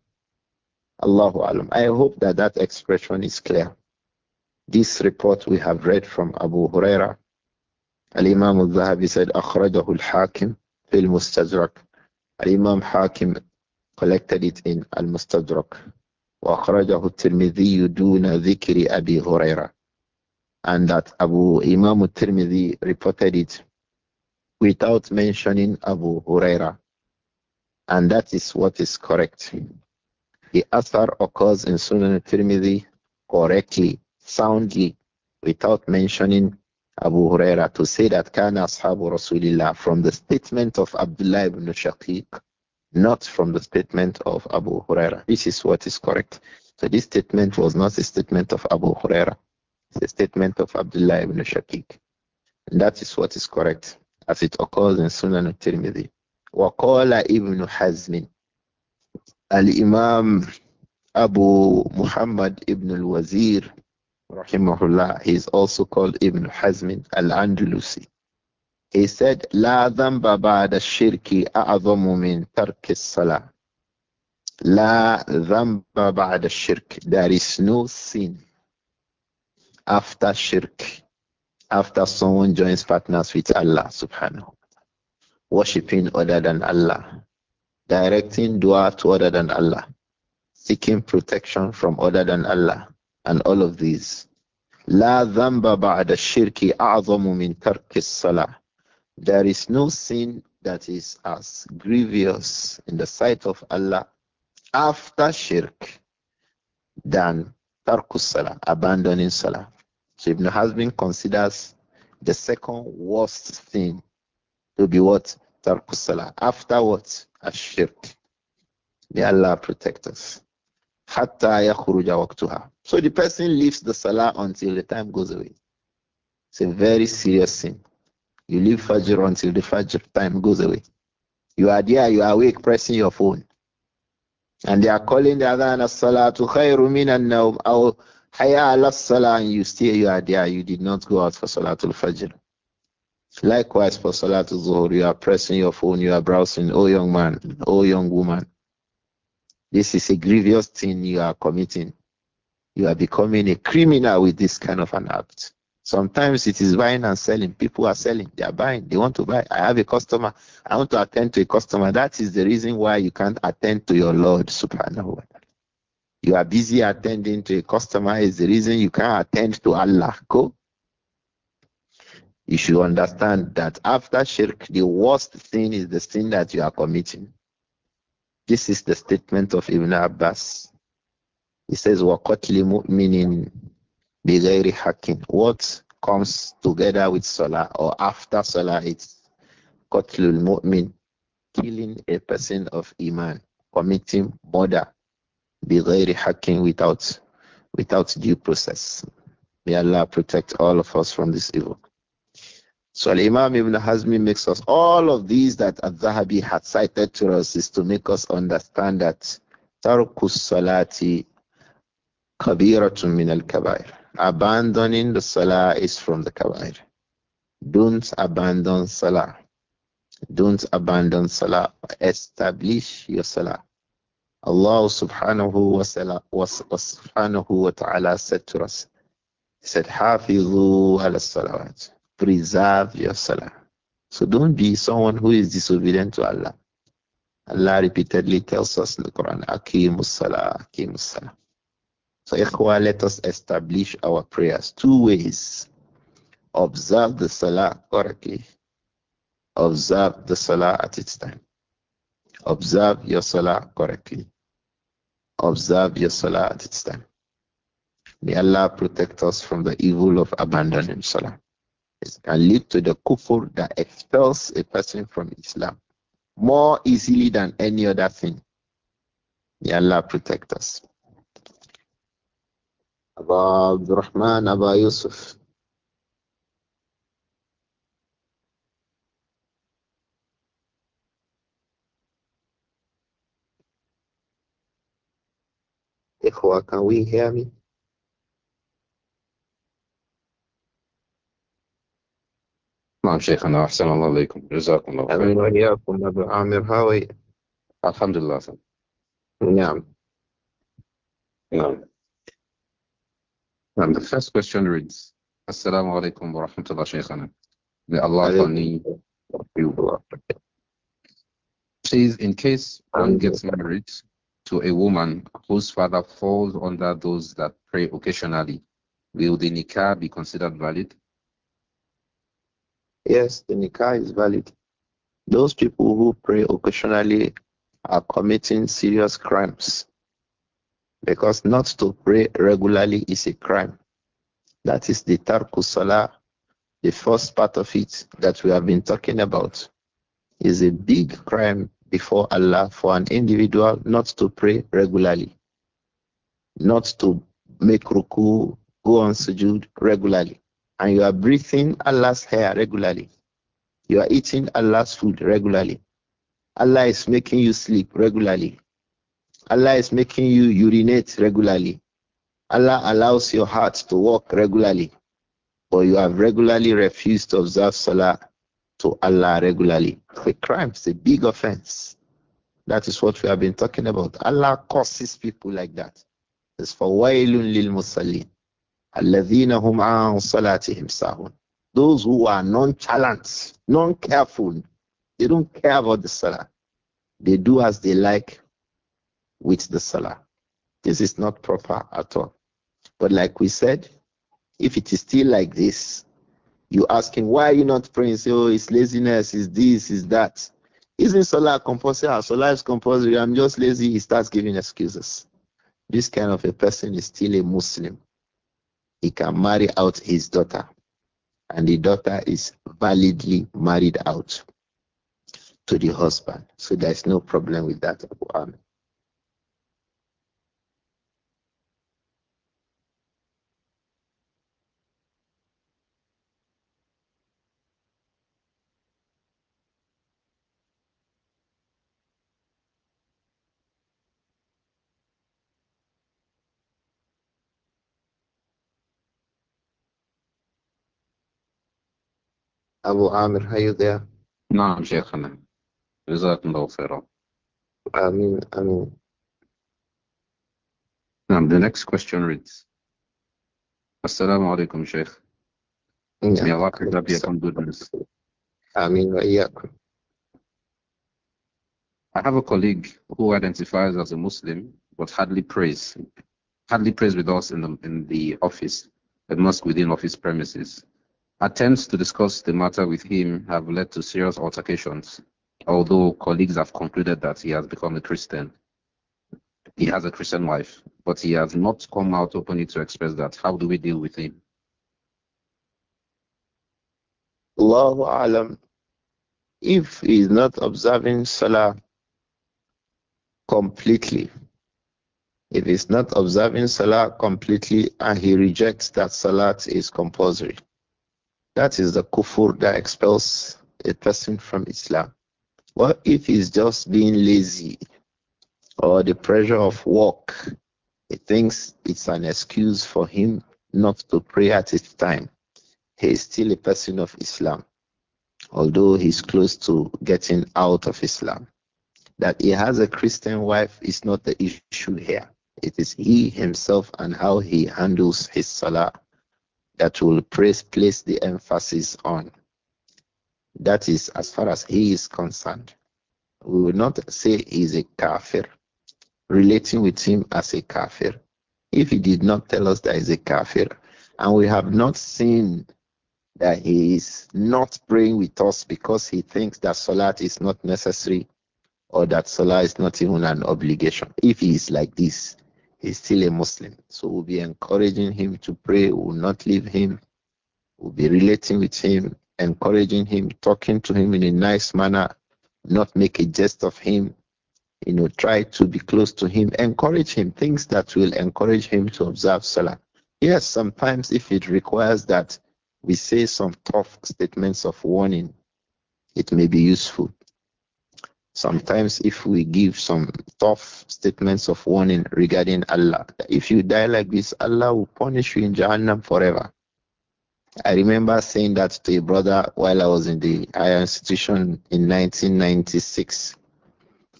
Allahu alam. I hope that that expression is clear. This report we have read from Abu Huraira. Al Imam al Zahabi said, Akhrajahu al Hakim fil Mustadrak. Al Imam Hakim collected it in Al Mustadrak. وأخرجه الترمذي دون ذكر أبي هريرة and that Abu Imam Tirmidhi reported it without mentioning Abu Huraira. And that is what is correct. The Athar occurs in Sunan Tirmidhi correctly, soundly, without mentioning Abu Huraira to say that Kana Ashabu Rasulillah from the statement of Abdullah ibn Shaqiq, not from the statement of Abu Huraira. This is what is correct. So this statement was not a statement of Abu Huraira a statement of Abdullah ibn Shakik. And that is what is correct, as it occurs in Sunan al-Tirmidhi. ibn ابن al Imam Abu Muhammad ibn al-Wazir rahimahullah he is also called Ibn Hazm al-Andalusi he said لا ذنب بعد الشرك أعظم من ترك الصلاة لا ذنب بعد الشرك there is no sin after shirk, after someone joins partners with Allah subhanahu worshipping other than Allah, directing dua to other than Allah, seeking protection from other than Allah, and all of these. لا ذنب بعد الشرك أعظم من ترك الصلاة. There is no sin that is as grievous in the sight of Allah after shirk than tarkus sala abandoning salah. So Ibn Hazm considers the second worst thing to be what? Tarkus Salah. After what? Ashirk. May Allah protect us. Hatta yakhruja waqtuha. So the person leaves the Salah until the time goes away. It's a very serious thing. You leave Fajr until the Fajr time goes away. You are there, you are awake, pressing your phone. And they are calling the Adhan as-salatu khayru minan nawm Hayya Allah salah and you still you are there, you did not go out for Salatul Fajr. Likewise for Salatul Zuhur, you are pressing your phone, you are browsing, oh young man, oh young woman. This is a grievous thing you are committing. You are becoming a criminal with this kind of an act. Sometimes it is buying and selling. People are selling. They are buying. They want to buy. I have a customer. I want to attend to a customer. That is the reason why you can't attend to your Lord subhanahu wa ta'ala. You are busy attending to a customer is the reason you can't attend to Allah. Go. You should understand that after shirk, the worst sin is the sin that you are committing. This is the statement of Ibn Abbas. He says, وَقَتْلِ meaning بِغَيْرِ What comes together with Salah or after Salah it's قَتْلُ meaning Killing a person of Iman, committing murder. بغير حق without without due process. May Allah protect all of us from this evil. So Imam Ibn Hazmi makes us all of these that Al Zahabi had cited to us is to make us understand that Tarukus Salati Kabiratun min al Kabair. Abandoning the Salah is from the Kabair. Don't abandon Salah. Don't abandon Salah. Establish your Salah. Allah subhanahu wa, subhanahu wa ta'ala said to us, He said, Hafizu ala salawat. Preserve your salah. So don't be someone who is disobedient to Allah. Allah repeatedly tells us in the Quran, Akimus salah, Akimus salah. So, ikhwa, let us establish our prayers two ways. Observe the salah correctly. Observe the salah at its time. Observe your salah correctly observe your salah at its time. May Allah protect us from the evil of abandoning salah. It can lead to the kufr that expels a person from Islam more easily than any other thing. May Allah protect us. Abu Abdurrahman, Abu Yusuf. Ikhwa, can we hear me? شيخنا أحسن الله إليكم جزاكم الله خير أمين وإياكم أبو عامر هاوي الحمد لله سن. نعم نعم And the first question reads, Assalamu alaikum wa rahmatullah shaykhana. May Allah funny you. Please, in case one gets married to a woman whose father falls under those that pray occasionally, will the nikah be considered valid? Yes, the nikah is valid. Those people who pray occasionally are committing serious crimes because not to pray regularly is a crime. That is the tarku salah, the first part of it that we have been talking about, is a big crime before Allah for an individual not to pray regularly, not to make ruku, go on sujood regularly, and you are breathing Allah's hair regularly, you are eating Allah's food regularly, Allah is making you sleep regularly, Allah is making you urinate regularly, Allah allows your heart to work regularly, but you have regularly refused to observe Salah to Allah regularly. A crime is a big offense. That is what we have been talking about. Allah curses people like that. It's for wailun lil musallin. Alladhina hum an salatihim sahun. Those who are nonchalant, non-careful, they don't care about the salah. They do as they like with the salah. This is not proper at all. But like we said, if it is still like this, you asking why are you not praying? Say, oh, it's laziness, it's this, it's that. Isn't Salah compulsory? Ah, Salah is compulsory. I'm just lazy. He starts giving excuses. This kind of a person is still a Muslim. He can marry out his daughter, and the daughter is validly married out to the husband. So there's no problem with that, Abu Abu Amir, are you there? نعم شيخنا جزاكم الله خيرا آمين آمين نعم the next question reads السلام عليكم شيخ May Allah preserve you upon goodness. Ameen wa iyyakum. I have a colleague who identifies as a Muslim but hardly prays, hardly prays with us in the, in the office, a mosque within office premises. Attempts to discuss the matter with him have led to serious altercations, although colleagues have concluded that he has become a Christian. He has a Christian wife, but he has not come out openly to express that. How do we deal with him? Allahu Alam. If he is not observing Salah completely, if he's not observing Salah completely and he rejects that Salah is compulsory, that is the kufur that expels a person from Islam. What if he's just being lazy or the pressure of work? He thinks it's an excuse for him not to pray at his time. He is still a person of Islam, although he's close to getting out of Islam. That he has a Christian wife is not the issue here. It is he himself and how he handles his salah that will place, place the emphasis on. That is, as far as he is concerned, we will not say he is a kafir, relating with him as a kafir. If he did not tell us that he is a kafir, and we have not seen that he is not praying with us because he thinks that salat is not necessary or that salah is not even an obligation, if he is like this, He's still a Muslim. So we'll be encouraging him to pray. We'll not leave him. We'll be relating with him, encouraging him, talking to him in a nice manner, not make a jest of him. You know, try to be close to him, encourage him, things that will encourage him to observe Salah. Yes, sometimes if it requires that we say some tough statements of warning, it may be useful. Sometimes, if we give some tough statements of warning regarding Allah, if you die like this, Allah will punish you in Jahannam forever. I remember saying that to a brother while I was in the higher institution in 1996.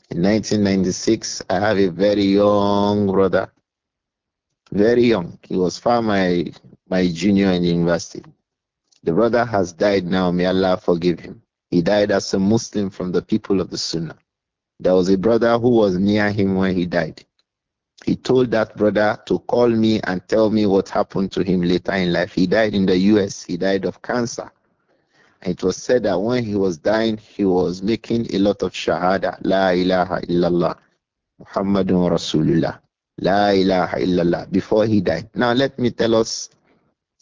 In 1996, I have a very young brother, very young. He was far my my junior in the university. The brother has died now. May Allah forgive him. He died as a Muslim from the people of the Sunnah. There was a brother who was near him when he died. He told that brother to call me and tell me what happened to him later in life. He died in the US, he died of cancer. And it was said that when he was dying, he was making a lot of shahada. La ilaha illallah. Muhammadun Rasulullah. La ilaha illallah. Before he died. Now let me tell us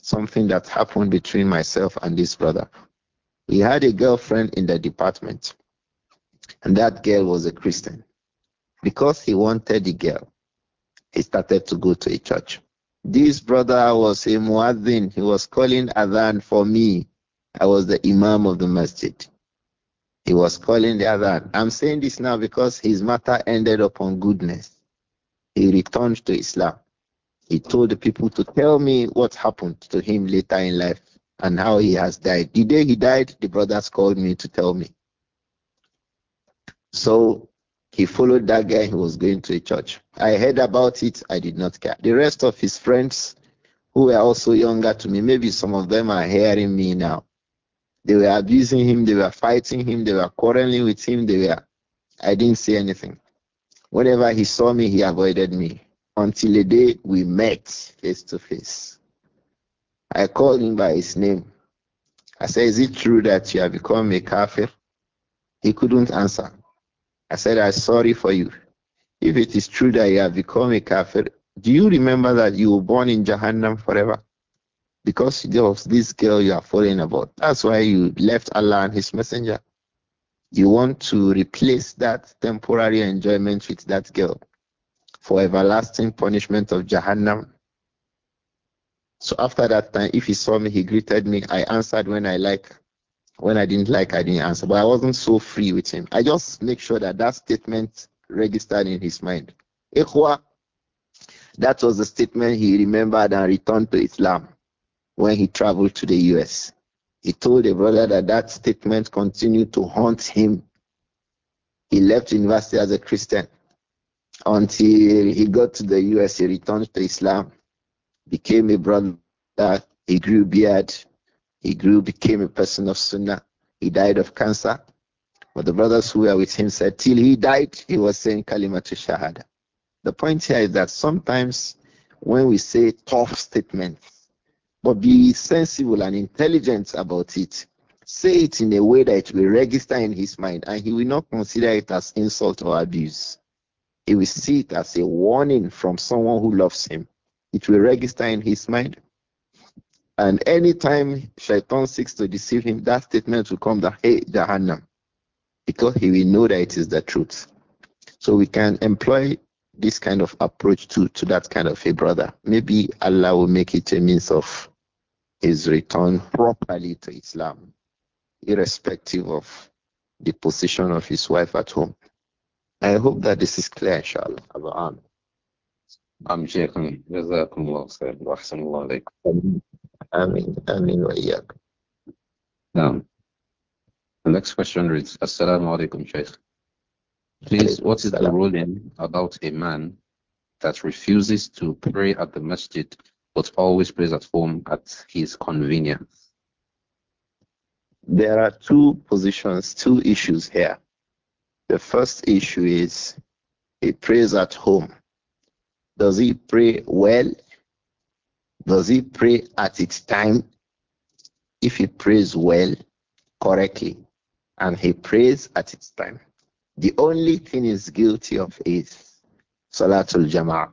something that happened between myself and this brother. He had a girlfriend in the department, and that girl was a Christian. Because he wanted the girl, he started to go to a church. This brother was a muadhin. He was calling adhan for me. I was the imam of the masjid. He was calling the adhan. I'm saying this now because his matter ended upon goodness. He returned to Islam. He told the people to tell me what happened to him later in life and how he has died. The day he died, the brothers called me to tell me. So he followed that guy who was going to a church. I heard about it, I did not care. The rest of his friends who were also younger to me, maybe some of them are hearing me now. They were abusing him, they were fighting him, they were quarreling with him, they were I didn't say anything. Whenever he saw me, he avoided me until the day we met face to face. I called him by his name. I said, Is it true that you have become a kafir? He couldn't answer. I said, I'm sorry for you. If it is true that you have become a kafir, do you remember that you were born in Jahannam forever? Because of this girl you are following about. That's why you left Allah and His Messenger. You want to replace that temporary enjoyment with that girl for everlasting punishment of Jahannam so after that time, if he saw me, he greeted me. I answered when I like. When I didn't like, I didn't answer. But I wasn't so free with him. I just make sure that that statement registered in his mind. Ikhwa, that was the statement he remembered and returned to Islam when he traveled to the US. He told a brother that that statement continued to haunt him. He left university as a Christian until he got to the US. He returned to Islam became a brother, he grew beard, he grew, became a person of Sunnah. He died of cancer. But the brothers who were with him said, till he died, he was saying to Shahada. The point here is that sometimes when we say tough statements, but be sensible and intelligent about it, say it in a way that it will register in his mind and he will not consider it as insult or abuse. He will see it as a warning from someone who loves him it will register in his mind. And anytime Shaitan seeks to deceive him, that statement will come that, hey, Jahannam, because he will know that it is the truth. So we can employ this kind of approach to, to that kind of a brother. Maybe Allah will make it a means of his return properly to Islam, irrespective of the position of his wife at home. I hope that this is clear, inshallah. نعم شيخنا جزاكم الله خير وأحسن الله Amin, Amin, آمين وإياك نعم The next question reads Assalamu alaikum Shaykh Please what is the ruling about a man that refuses to pray at the masjid but always prays at home at his convenience? There are two positions, two issues here. The first issue is he prays at home does he pray well? Does he pray at its time? If he prays well, correctly, and he prays at its time, the only thing he's guilty of is Salatul Jama'ah.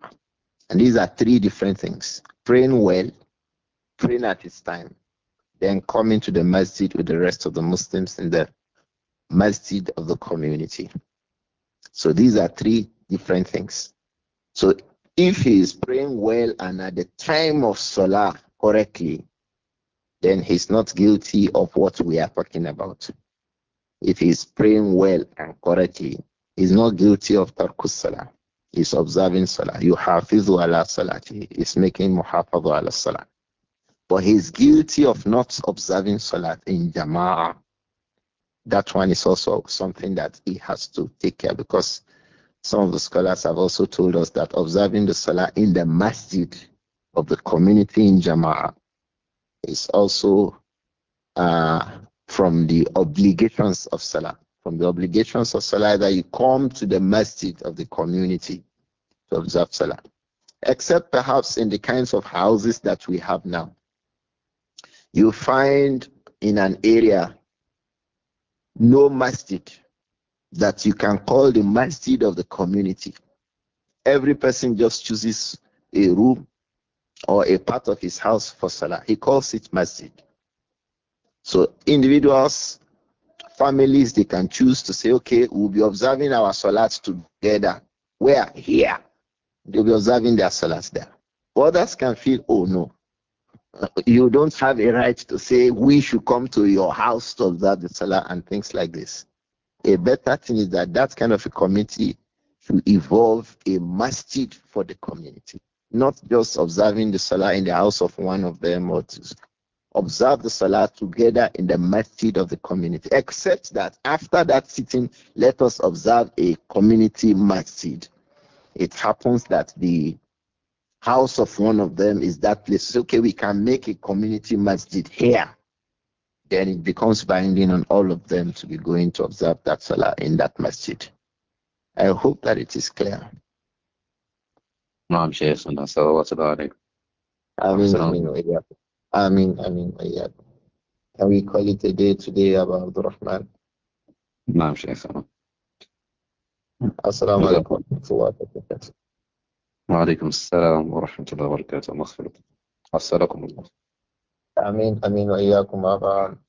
And these are three different things praying well, praying at its time, then coming to the masjid with the rest of the Muslims in the masjid of the community. So these are three different things. So if he is praying well and at the time of Salah correctly, then he's not guilty of what we are talking about. If he's praying well and correctly, he's not guilty of Tarkus Salah. He's observing Salah. You have ala Salah. He's making muhafadhu ala Salah. But he's guilty of not observing Salah in Jama'ah. That one is also something that he has to take care because some of the scholars have also told us that observing the Salah in the masjid of the community in Jama'ah is also uh, from the obligations of Salah. From the obligations of Salah that you come to the masjid of the community to observe Salah. Except perhaps in the kinds of houses that we have now. You find in an area no masjid that you can call the masjid of the community. Every person just chooses a room or a part of his house for salah. He calls it masjid. So individuals, families, they can choose to say, okay, we'll be observing our salahs together. Where? Here. They'll be observing their salahs there. Others can feel, oh no, you don't have a right to say we should come to your house to observe the salah and things like this. A better thing is that that kind of a committee should evolve a masjid for the community, not just observing the salah in the house of one of them or to Observe the salah together in the masjid of the community, except that after that sitting, let us observe a community masjid. It happens that the house of one of them is that place. Okay, we can make a community masjid here then it becomes binding on all of them to be going to observe that salah in that masjid. I hope that it is clear. Ram Shay Sunnah, so what about it? I mean, I mean, I mean, I we call it a day today about Abdul Rahman? Ram Shay Sunnah. Assalamu alaikum. Wa alaikum assalam alaikum. I mean, I mean,